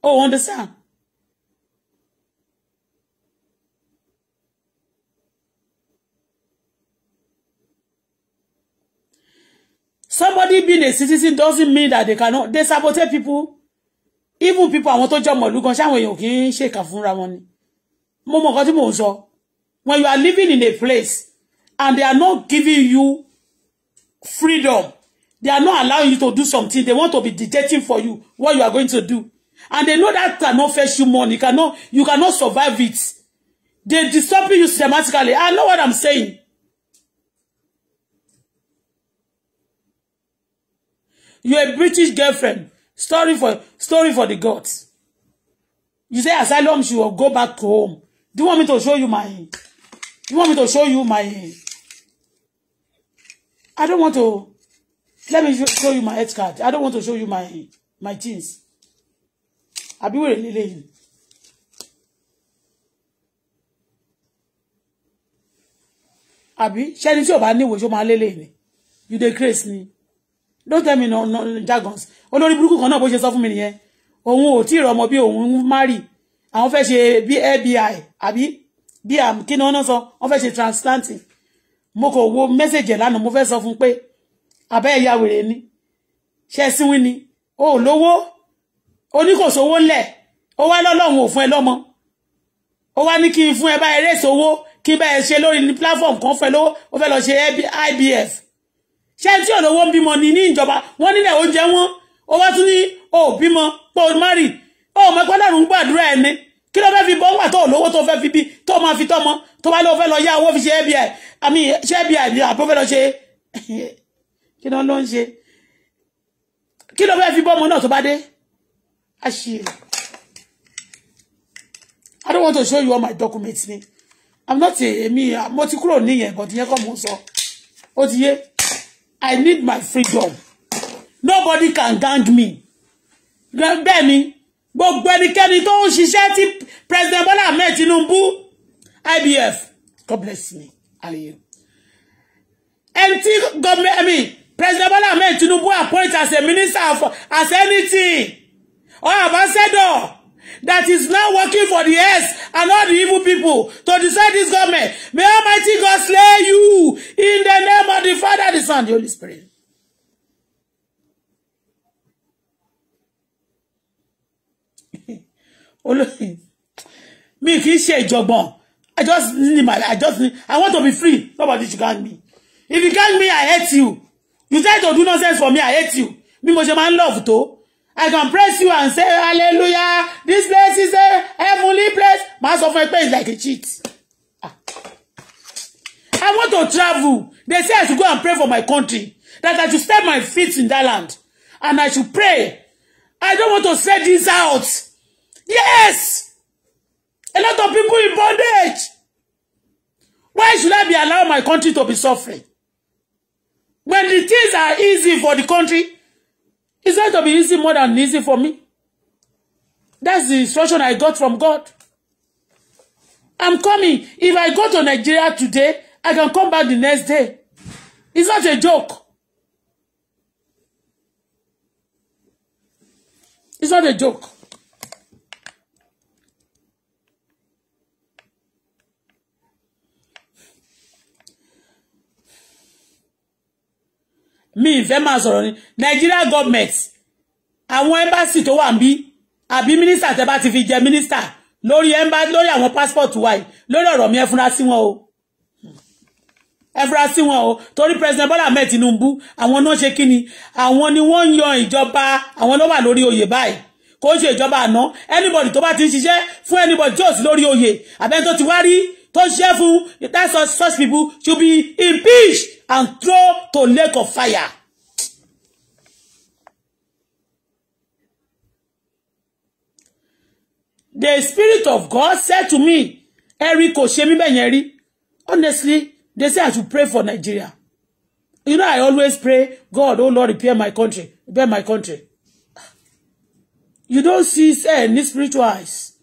[SPEAKER 1] o understand somebody being a citizen doesn't mean that they cannot they sabotage people even people àwọn tó jọ mọ̀lú gan ṣáwọn èèyàn kì í ṣèkà fúnra wọn ni mo mọ̀ nǹkan tí when you are living in a place and they are not giving you freedom they are not allowing you to do something they want to be dictating for you what you are going to do and they know that cannot fetch you money cannot you cannot survive it they disturbing you systematically i know what i'm saying You're a British girlfriend. Story for story for the gods. You say asylum, she will go back home. Do you want me to show you my? Do you want me to show you my? I don't want to. Let me show you my head card. I don't want to show you my my jeans. I'll be wearing lily. Àbí ṣẹ́ni tí ò bá níwèé ṣó máa lélẹ̀ ni. You dey me don't tell me no no jargons olórí buruku kan náà bó ṣe sọ fún mi nìyẹn òun ò tí ì rọmọ bí òun mari àwọn fẹ́ ṣe bí abi àbí bí am um, kí ni wọ́n náà sọ wọ́n transplanting mo kò wo message ẹ̀ lánàá mo fẹ́ sọ fún pé àbẹ́ ẹ̀yà wèrè ni ṣe si síwín ni o ò lówó oníkòsówó lẹ̀ ó wá lọ́lọ́run ò fún ẹ lọ́mọ ó wá ní kí n fún ẹ bá eré ìṣòwò kí n bá ẹ ṣe lórí ní platform kan fẹ́ lówó ó fẹ́ lọ ṣe IBF ṣé tí olówó ń bímọ ni ní ìjọba wọ́n nílẹ̀ oúnjẹ wọn ó wá tún ní o ò bímọ pé o márì o ò mẹ́kọ́ lọ́rùn gbàdúrà ẹ̀ ni kí ló fẹ́ fi bọ́ wà tó olówó tó fẹ́ fi bí tó máa fi tọ́mọ tó bá lọ fẹ́ lọ yá owó fi ṣe ẹbí ẹ̀ àmì ṣe ẹbí ẹ̀ ni àbó fẹ́ lọ ṣe kí ló ló ń ṣe kí ló fẹ́ fi bọ́ ọmọ náà tó bá dé a ṣe I don't want to show you all my documents ni I'm not a èmi mo ti kúrò níyẹn but ìyẹn kọ́ mo sọ ó ti yé. I need my freedom. Nobody can gang me. Bẹ́ẹ̀ ni, gbogbo ẹnikẹ́ni tó ń ṣiṣẹ́ tí President Bola Ahmed Tinubu IBF, God bless me, Aliyu. Ẹni tí government, President Bola Ahmed Tinubu appoint as a minister for, as anything, or oh that is now working for the earth and all the evil people to decide this government. May Almighty God slay you in the name of the Father, the Son, the Holy Spirit. mi kì í job, ìjọ̀gbọ̀n I just need my I just need I want to be free nobody should gang me if you gang me I hate you you try to do nonsense for me I hate you Me, mo ṣe máa love tó. I can praise you and say hallelujah this place is a heavenly place ma sọ fún ẹ pé like a cheat ah. I want to travel they say I should go and pray for my country that I should step my feet in that land and I should pray I don't want to say this out yes a lot of people in bondage why should I be allow my country to be suffering when the things are easy for the country It's going to be easy more than easy for me. That's the instruction I got from God. I'm coming. If I go to Nigeria today, I can come back the next day. It's not a joke. It's not a joke. mi ìfẹ́ máa sọ̀rọ̀ ni Nigeria government àwọn embassy tó wà ń bí àbí minister tẹ́ bá ti fi jẹ minister lórí ẹmbá lórí àwọn passport wa yìí lórí ọ̀rọ̀ mi ẹ fura sí wọn o ẹ fura sí wọn o torí president Bola Ahmed Tinubu àwọn náà ṣe kíni àwọn ni wọ́n ń yan ìjọba àwọn ló wà lórí oyè báyìí kò ṣe ìjọba àná anybody tó bá ti ń ṣiṣẹ́ fún anybody tí ò sí lórí oyè àbẹ́ni tó ti wá rí tó ṣiṣẹ́ fún that such people should be impeached and throw to lake of fire. The spirit of God said to me, Eric Oshemi honestly, they say I should pray for Nigeria. You know, I always pray, God, oh Lord, repair my country, repair my country. You don't see any spiritual eyes.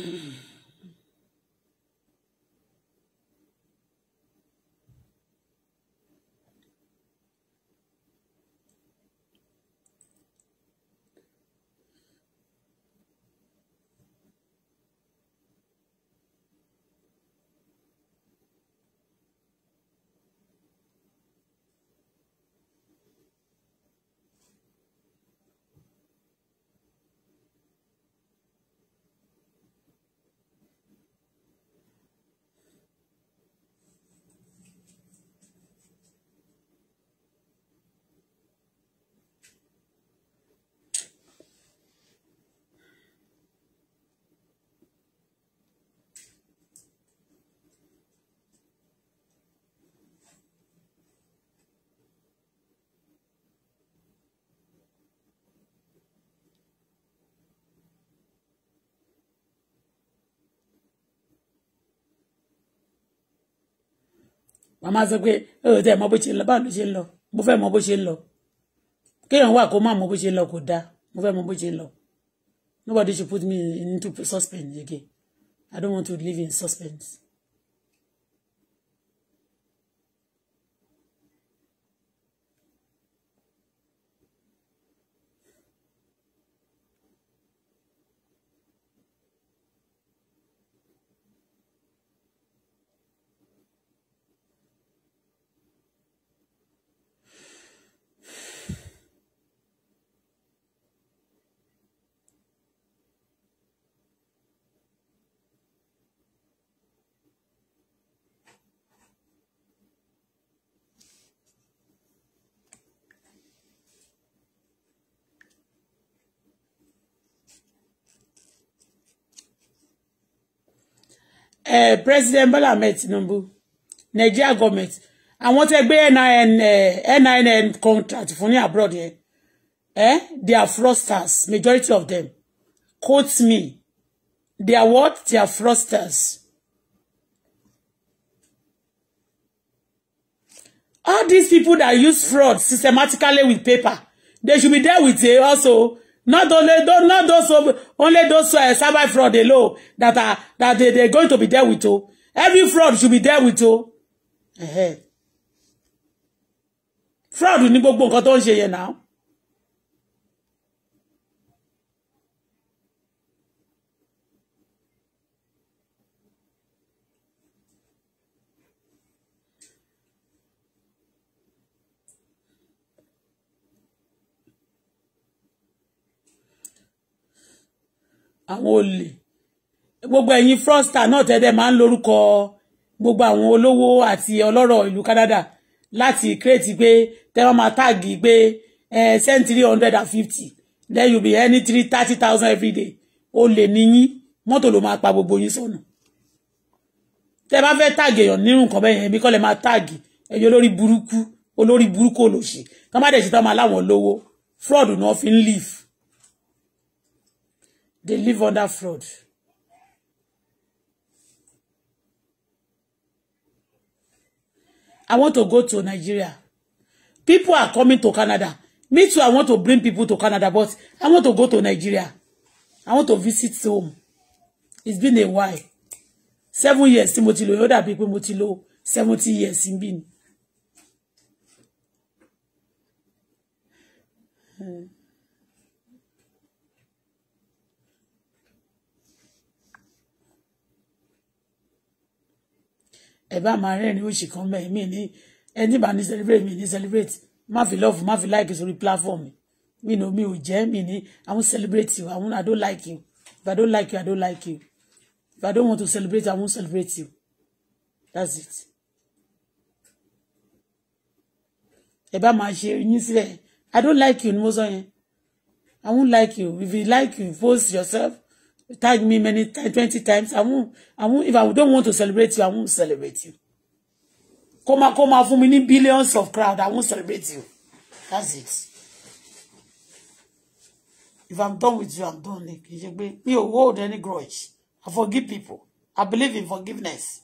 [SPEAKER 1] mm wàá máa sọ pé ó tẹ mọ bó ṣe ń lọ báwo ló ṣe ń lọ mo fẹ́ mọ bó ṣe ń lọ kéèyàn wà kó má mọ bó ṣe ń lọ kò dáa mo fẹ́ mọ bó ṣe ń lọ nobody should put me into suspense again I don't want to live in suspense. uh, President Bola Ahmed Tinubu Nigeria government àwọn tẹ́ gbé NIN uh, eh, NIN contract fún ní abroad yẹn eh? they are fraudsters majority of them quote me they are what they are fraudsters all these people that use fraud systematically with paper they should be there with a also Not only those, not those, only those uh, cyber fraud alone that are that they, they're going to be dealt with you. Oh. Every fraud should be dealt with you. Uh-huh. Fraud will gbogbo nǹkan tó ń now. àwọn olè gbogbo ẹ̀yin fraudster náà tẹ́lẹ̀ máa ń lórúkọ gbogbo àwọn olówó àti ọlọ́rọ̀ ìlú Canada láti kírètì pé tẹ́wọ́n máa táàgì pé send three hundred and fifty then you be any three thirty thousand every day olè níyín mọ́tò ló máa pa gbogbo yín sọnù tẹ́ bá fẹ́ táàgì èèyàn nínú nǹkan bẹ́ẹ̀ yẹn bí kọ́ lẹ́ máa táàgì ẹ̀yin olórí burúkú olórí burúkú olòṣì kọ́ má dẹ̀ ṣe tán máa láwọn lówó fraud ni wọ́n fi ń leave They live under flood. I want to go to Nigeria. People are coming to Canada. Me too, I want to bring people to Canada, but I want to go to Nigeria. I want to visit home. It's been a while. Seven years, tí mo ti other people, mo ti lò, 70 years in been. Hmm. ẹ bá máa rẹ́rìn òṣì kan bẹ́ẹ̀ mi ní ẹni bá ní celebrate mi ní celebrate má fi love má fi like sórí platform mi ní mi ò jẹ́ mi ní i won't celebrate you i won't i don't like you if i don't like you i don't like you if i don't want to celebrate i won't celebrate you that's it. ẹ bá máa ṣe yín sílẹ̀ i don't like you ni mo sọ yẹn i won't like you if you like you post yourself tag me many times, 20 times. I won't, I won't, if I don't want to celebrate you, I won't celebrate you. Come on, come on, fún mi ní billions of crowd, I won't celebrate you. That's it. If I'm done with you, I'm done. Me hold any grudge. I forgive people. I believe in forgiveness.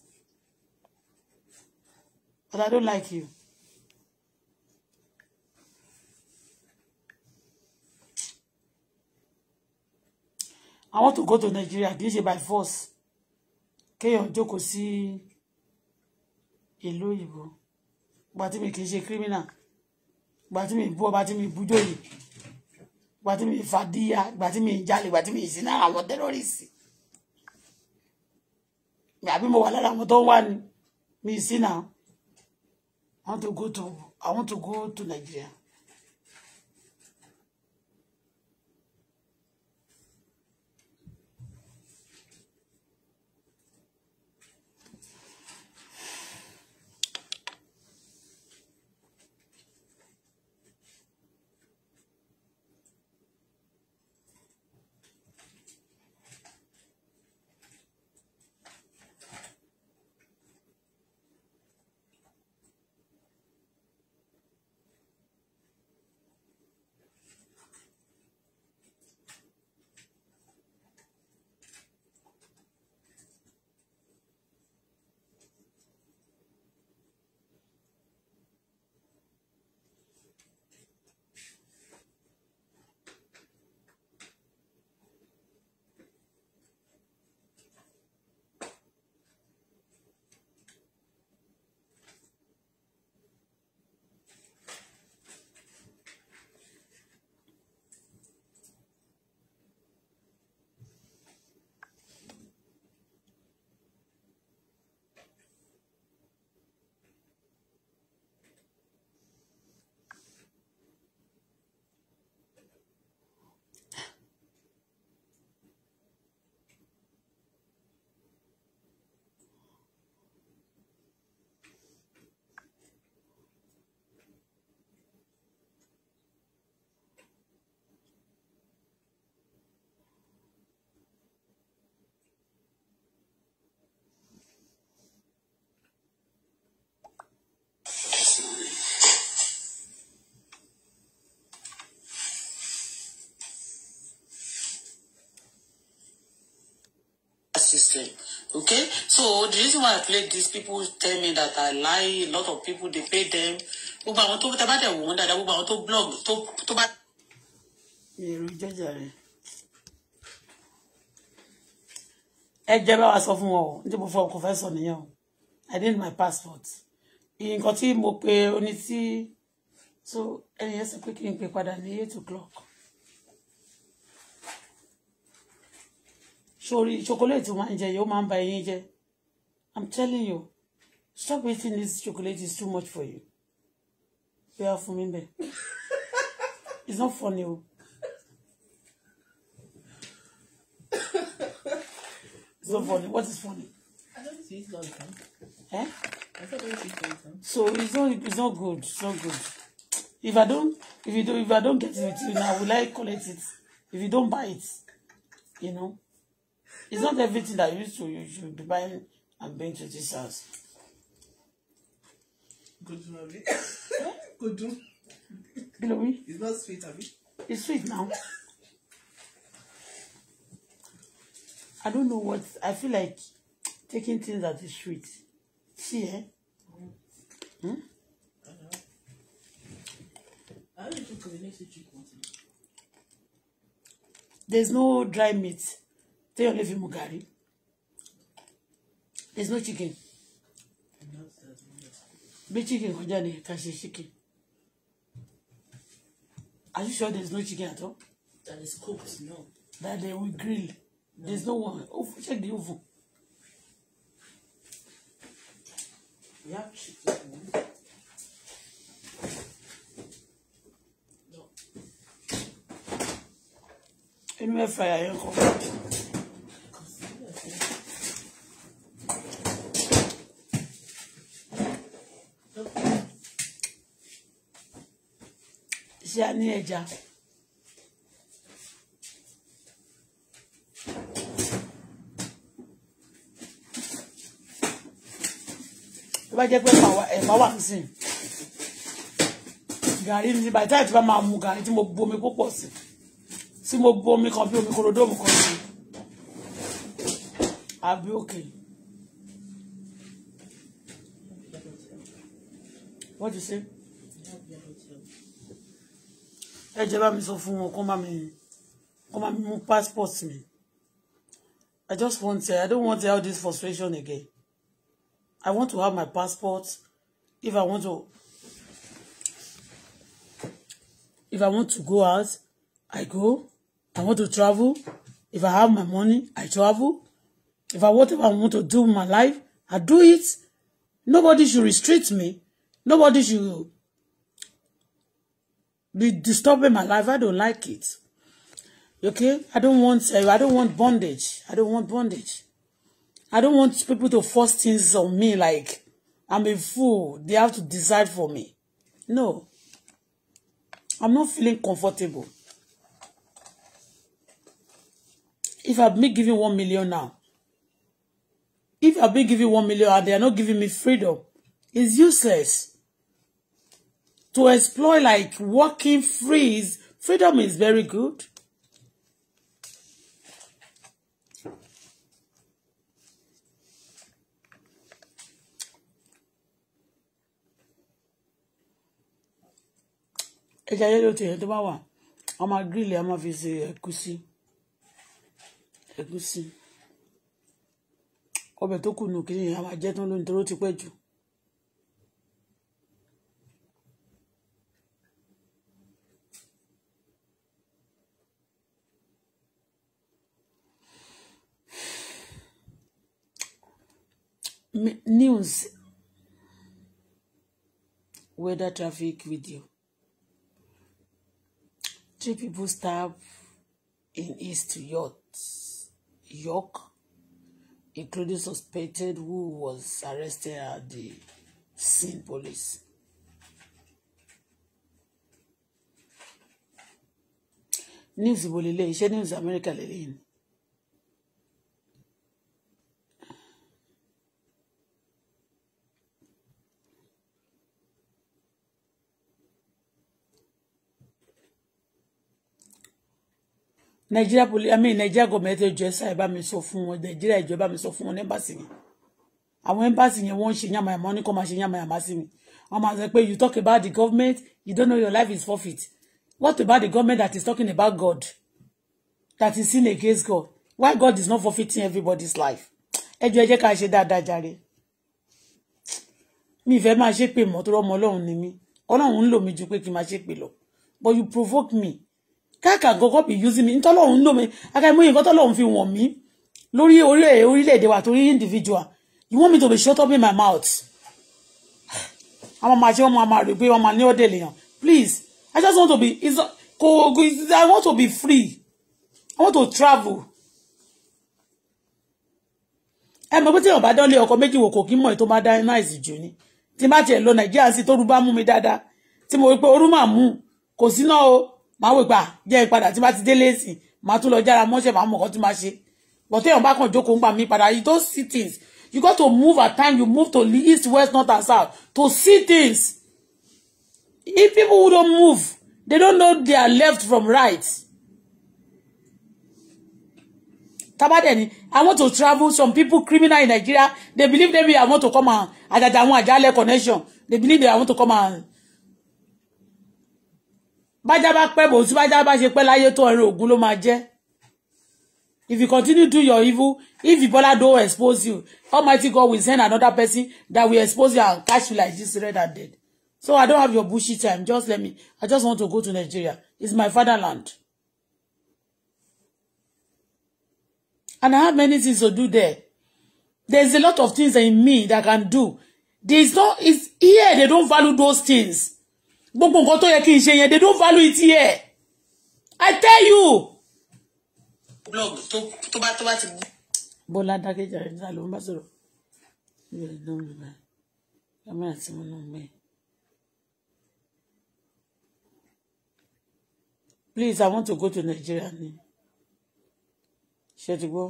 [SPEAKER 1] But I don't like you. I want to go to Nigeria kì í by force kéèyàn jókòó sí ìlú òyìnbó gba tí mi kì criminal gba tí mi bú ọba tí mi bú jòyè gba tí mi fàdíyà gba tí mi jalè gba tí mi sí náà àwọn tẹ́lọ́rìsì àbí mo wà lára àwọn tó wà mi sí I want to go to I want to go to Nigeria. system okay so the reason why i play this people tell me that i lie a lot of people they pay them gbogbo àwọn tó tẹ bá tẹ wọn dáadáa gbogbo àwọn tó blog tó tó bá. èrò jẹjẹ rẹ ẹ jẹ bá wa sọ fún wọn o nítorí mo fọ ọkọ fẹ sọ nìyẹn o i need my passport nǹkan tí mo pe oní tí so ẹni yẹn sọ pé kí n pè padà ní eight o'clock. sórí chocolate wọn jẹ yóò máa ń ba eyín jẹ i'm telling you stop eating this chocolate is too much for you bẹ́ẹ̀ fún mi bẹ́ẹ̀ it's not funny o. it's not funny what is funny. eh?
[SPEAKER 2] I don't see it eh?
[SPEAKER 1] so it's not it's not good it's not good if I don't if you don't if I don't get it with you now will I collect it if you don't buy it you know. It's not everything that you used to you should be buying and bring to this house. Good abi. Good. Kí ló It's not sweet Abby. It's sweet now. I don't know what I feel like taking things that is sweet. See eh? Hmm? I don't There's no dry meat téèyàn lè fi mu there's no chicken bí chicken kọjá ni chicken are you sure there's no chicken at all. that is cooked no. that they will grill no. there's no one Oh, check the oven. we have chicken. inú ẹ̀fà yà yẹn kọ́. tí a ní ẹja. tó bá jẹ́ pé ẹ̀fà wà nísìn gàrí ni bàtí àti bá máa mu gàrí tí mo bu omi púpọ̀ sí tí mo bu omi kan bí omi korodomu kan sí àbí òkè. What you say? ẹ jẹ́ bá mi sọ fún wọn kó má mi kó má mi mú passport mi I just want to I don't want to have this frustration again I want to have my passport if I want to if I want to go out I go I want to travel if I have my money I travel if I whatever I want to do in my life I do it nobody should restrict me nobody should be disturbing my life. I don't like it. Okay? I don't want uh, I don't want bondage. I don't want bondage. I don't want people to force things on me like I'm a fool. They have to decide for me. No. I'm not feeling comfortable. If I've been giving one million now, if I've been giving one million and they are not giving me freedom, it's useless to explore, like working freeze. Freedom is very good. ẹja yẹlẹ tí èèyàn tó bá wà a máa gírílì a máa fi ṣe ẹ̀gúsí ẹ̀gúsí ọbẹ̀ tó kù nù kí ni a máa jẹ tán lónìí tó ti pẹ́ jù. news weather traffic video three people stabbed in East York, York, including suspected who was arrested at the scene police. News ìbò lélẹ̀ iṣẹ́ News America lélẹ̀ yìí. Nigeria police I mean Nigeria government ẹjọ́ ẹsẹ bá mi sọ fún wọn Nigeria ẹjọ́ bá mi sọ fún wọn ẹmbàsì yẹn àwọn ẹmbàsì yẹn wọ́n ń ṣe yàmàyàmà wọ́n ní kó máa ṣe yàmàyàmà sí mi wọ́n máa sọ pé you talk about the government you don't know your life is forfeit what about the government that is talking about God that is sin against God why God is not forfeiting everybody's life ẹjọ́ ẹ jẹ́ ká ṣe dáadáa jàre mi ìfẹ́ máa ṣépè mọ́ tó rọ́mọ Ọlọ́run ni mi Ọlọ́run ń lò mí ju pé kí n máa ṣépè lọ but you provoke me God can go be using me ntọ́lọ́run lò mí akáyẹmọ́ yìí nǹkan tọ́lọ́run fi wọ̀n mí lórí orílẹ̀-èdè wa torí individual you want me to be shut up in my mouth àwọn máa ṣe wọn máa rè pé wọn ní ọ̀dẹ̀ lèèyàn please I just want to be kò I want to be free I want to travel ẹ mọ̀ pé tí ọba dánlé ọkọ méjì wò kò kí mọ̀ tó bá dá náìsì jù ni tí n bá tiẹ̀ lọ Nàìjíríà sí tóru bá mú mi dáadáa tí mo rí pé orú máa mú kò sí náà o máa wò gbà ah, jẹ́ ìpadà tí bá ti délé sí máa tún lọ jára mọ́ṣẹ́ máa mọ̀ kọ́ tí máa ṣe but téèyàn bá kàn jókòó ń gbà mí padà you don't see things you got to move at time you move to east west north and south to see things if people who don't move they don't know their left from right tabadẹni i want to travel some people criminal in nigeria they believe they be i want to come and ajaja àwọn àjálẹ connection they believe they i want to come and bájá bá pẹ́ bò tí bájá bá ṣe pẹ́ láyé tó ẹ̀rọ ògùn ló máa jẹ́ if you continue do your evil if you Bola don expose you Almighty God will send another person that will expose you and catch you like this red and dead so I don't have your bushy time just let me I just want to go to Nigeria it's my fatherland and I have many things to do there there's a lot of things in me that I can do there's no it's here they don't value those things gbogbo nǹkan tó yẹ kí n ṣe yẹn they don't value it here i tell you. blog tó tó bá tó bá ti. bọ́lá dákẹ́jà rẹ̀ nígbà ló ń bá sọ̀rọ̀ mi ò dùn mí báyìí kámẹ́rà tí mo nù mí. please i want to go to nigeria ni ṣe ti gbọ́.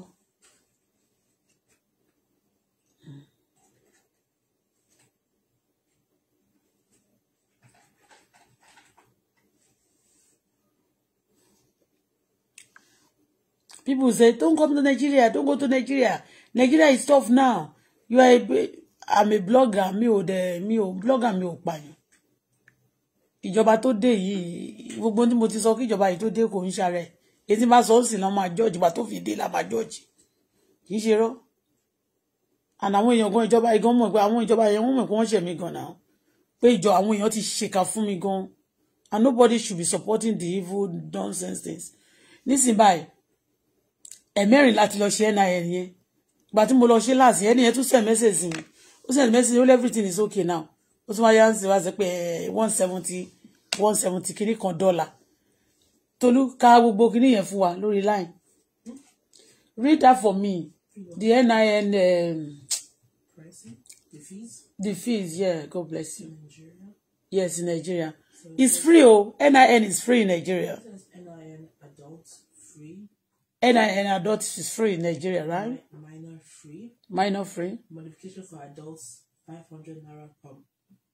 [SPEAKER 1] People say, don't come to Nigeria, don't go to Nigeria. Nigeria is tough now. You are a, I'm a blogger, mi ò dẹ̀, mi ò blogger mi ò pààyàn. Ìjọba tó dé yìí, gbogbo tí mo ti sọ kí ìjọba yìí tó dé kò ń ṣàrẹ. Èyí tí bá sọ ó sì lọ́ máa jọ́ọ̀jì, bá tó fi dé là máa jọ́ọ̀jì. Kì í ṣe rọ́. Àná àwọn èèyàn gan ìjọba yìí gan mọ̀ pé àwọn ìjọba yẹn wọ́n mọ̀ pé wọ́n ṣẹ̀ mí gan náà. Pé ìjọ àwọn èèyàn ti ṣèkà fún mi gan. And nobody should be supporting the evil nonsense things. Nísìnyí báyìí, ẹ̀mẹ́rin láti lọ ṣe NIN yẹn ìgbà tí mo lọ ṣe láti ẹni yẹn tún send message sí mi ó send message all everything is okay now ó tún wá yá ń sè wá sí pé eh, one seventy one seventy kìíní kan dọ́là Tolú ka gbogbo kìíní yẹn fún wa lórí line read that for me the NIN um, the fees the fees yeah God bless you yes in Nigeria it's free Oh, NIN is free in Nigeria. Yeah and, and adults is free in Nigeria, mm, right?
[SPEAKER 2] Minor free.
[SPEAKER 1] Minor free. Modification for adults,
[SPEAKER 2] 500 naira per,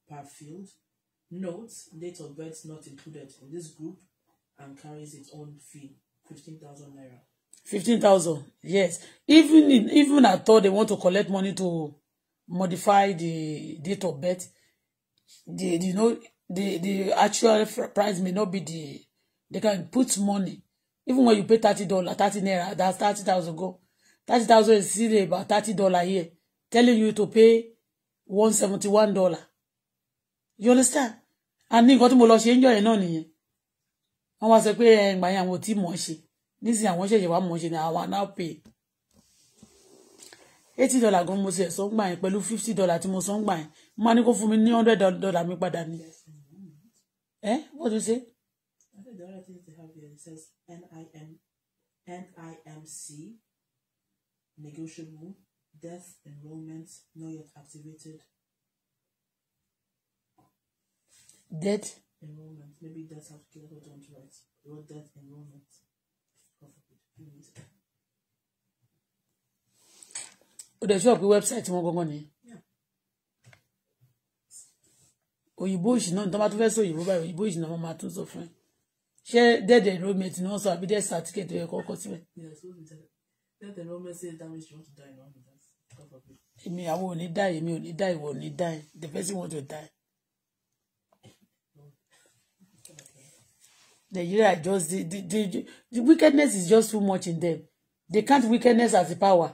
[SPEAKER 2] per field. Note, date of birth not included in this group and carries its own fee, 15,000 naira.
[SPEAKER 1] 15,000, yes. Even in, even at all, they want to collect money to modify the date of birth. The, you know, the, the actual price may not be the, they can put money Even when you pay thirty dollar, thirty naira, that's thirty thousand go. Thirty thousand is still about thirty dollar here, telling you to pay one seventy one dollar. You understand? And ní nǹkan tí mo lọ ṣe ń jọ yẹn náà nìyẹn. Wọ́n wá sọ pé ẹ̀ǹgbà yẹn àwọn ò tí mọ̀ ọ́ ṣe. Nísìnyí àwọn ṣẹ̀ṣẹ̀ wá mọ̀ ọ́ ṣe ni àwọn now pay. eighty dollar gan mo ṣe ẹ̀sán gbà yẹn pẹ̀lú fifty dollar tí mo san gbà yẹn mo máa ní kó fún mi ní hundred dollar mi padà ni. ẹ wọ́n ti ṣe.
[SPEAKER 2] N N I I M M C negotiable, death enrollment not yet activated. Death enrollment. Maybe that's how to get what don't write. Wrote death enrollment.
[SPEAKER 1] O dẹ̀ ṣọ́ọ̀pù wẹ́bsáìtì wọn gangan ni. Òyìnbó ìṣìná tó bá tún fẹ́ sọ òyìnbó báyìí, òyìnbó ìṣìná wọn máa tún sọ fún ẹ ṣé dead enrollment ni wọ́n sọ àbí death certificate yẹ kọ́kọ́ síbẹ̀. èmi àwọn ò ní dá èmi ò ní dá ìwọ ò ní dá ẹ the person want to die. Nigeria just the, the the the wickedness is just too much in them. They count wickedness as a power.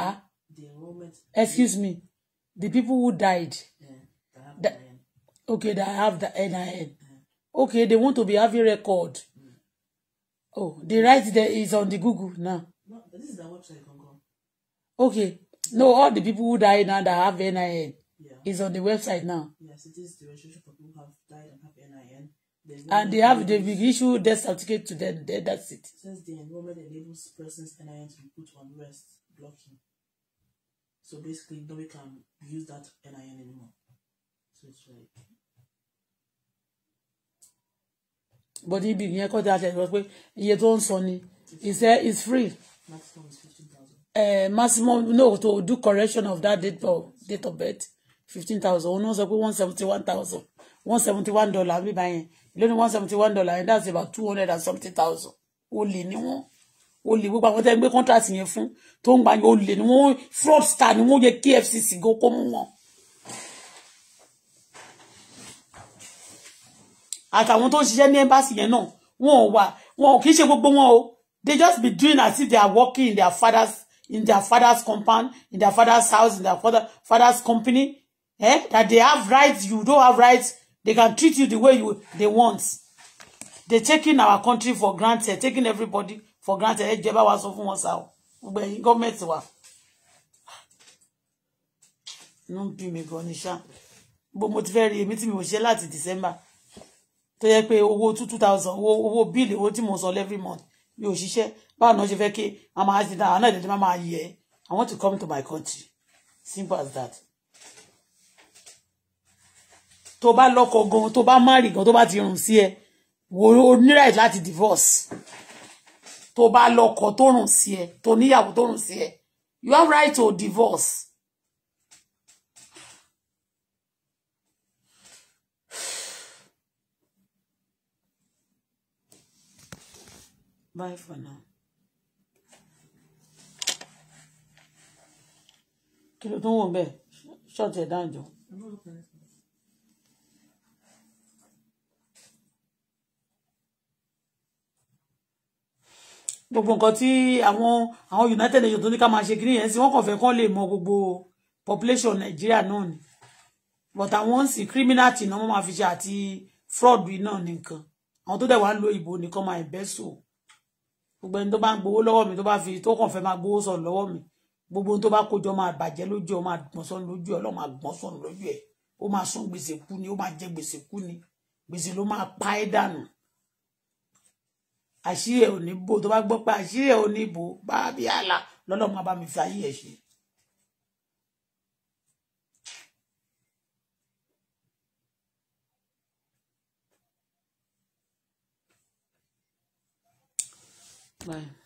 [SPEAKER 1] Ah. The enrollment. Excuse me, the people who died Okay, they have the NIN. Okay, they want to be having record. Oh, the right there is on the Google now.
[SPEAKER 2] No, this is the website, Congo.
[SPEAKER 1] Okay. No, all the people who die now that have NIN yeah. is on the website now.
[SPEAKER 2] Yes, it is the relationship for people who have died and have NIN. and they have the big issue death certificate to them. There, that's it. Since the enrollment enables persons NIN to be put on rest blocking. So basically, nobody can use that NIN anymore. So it's like
[SPEAKER 1] but ibi yẹn call that. a was sọ pé iye tó ń sọ ni it's, uh, it's free uh, maximum no to do correction of that date of date of birth fifteen thousand òun náà sọ pé one seventy one thousand one seventy one dollar bíbá yẹn lónìí one seventy one dollar that's about two hundred and something thousand Only lè ní wọn ó lè gbogbo àwọn tẹ́ ń gbé contract yẹn fún tó ń gbà yẹn ó fraudster ni wọ́n yẹ KFCC go come on. àtàwọn tó ń ṣiṣẹ́ ní embassy yẹn náà wọn ò wà wọn ò kì ṣe gbogbo wọn o they just be doing as if they are working in their father's in their father's compound in their father's house in their father, father's company eh? that they have rights you don't have rights they can treat you the way you they want they taking our country for granted taking everybody for granted ẹ jẹ́ bá wa sọ fún wọn sá o gbogbo ẹ̀yin gọ́ọ̀mẹ̀ntì wa inú bí mi gan ni ṣá gbogbo mo ti fẹ́ rí èmi tí mi ò ṣe láti December tó yẹ pé owó two two thousand owó owó bíìlì owó tí mo sọ every month mi ò ṣiṣẹ́ báwo náà ṣe fẹ́ kí a máa ṣe dáa náà ìdẹ́dẹ́ máa yẹ I want to come to my country simple as that. tó bá lọ́kọ gan tó bá márì gan tó bá ti rùn sí ẹ wo oníráìtì láti divorce tó bá lọ́kọ tó rùn sí ẹ tó níyàwó tó rùn sí ẹ you have right to divorce. Bye for now. Kí ló tún wò bẹ́ẹ̀? Ṣọ́ọ̀tì ẹ̀ dájọ́. gbogbo nǹkan tí àwọn àwọn united nations tó ní ká máa ṣe kiri yẹn sí wọn kàn fẹ́ kán lè gbogbo population nàìjíríà náà ni but àwọn ń sìn criminal tí náà fi ṣe àti fraud náà nìkan àwọn tó dẹ̀ wá ń lo ìbò nìkan máa ẹ̀bẹ́ so gbogbo ẹni tó bá ń gbowó lọ́wọ́ mi tó bá fi tó kàn fẹ́ máa gbowó sọ̀rọ̀ lọ́wọ́ mi gbogbo ohun tó bá kójọ máa bàjẹ́ lójú ọ máa gbọ́n sọnù lójú ẹ ọlọ́run máa gbọ́n sọnù lójú ẹ ó máa sún gbèsè kú ni ó máa jẹ gbèsè kú ni gbèsè ló máa pa ẹ́ dànù àṣírí ẹ ò ní bò tó bá gbọ́ pé àṣírí ẹ ò ní bò bá bí àlà lọ́lọ́run máa bá mi fi ayé ẹ ṣe Bye.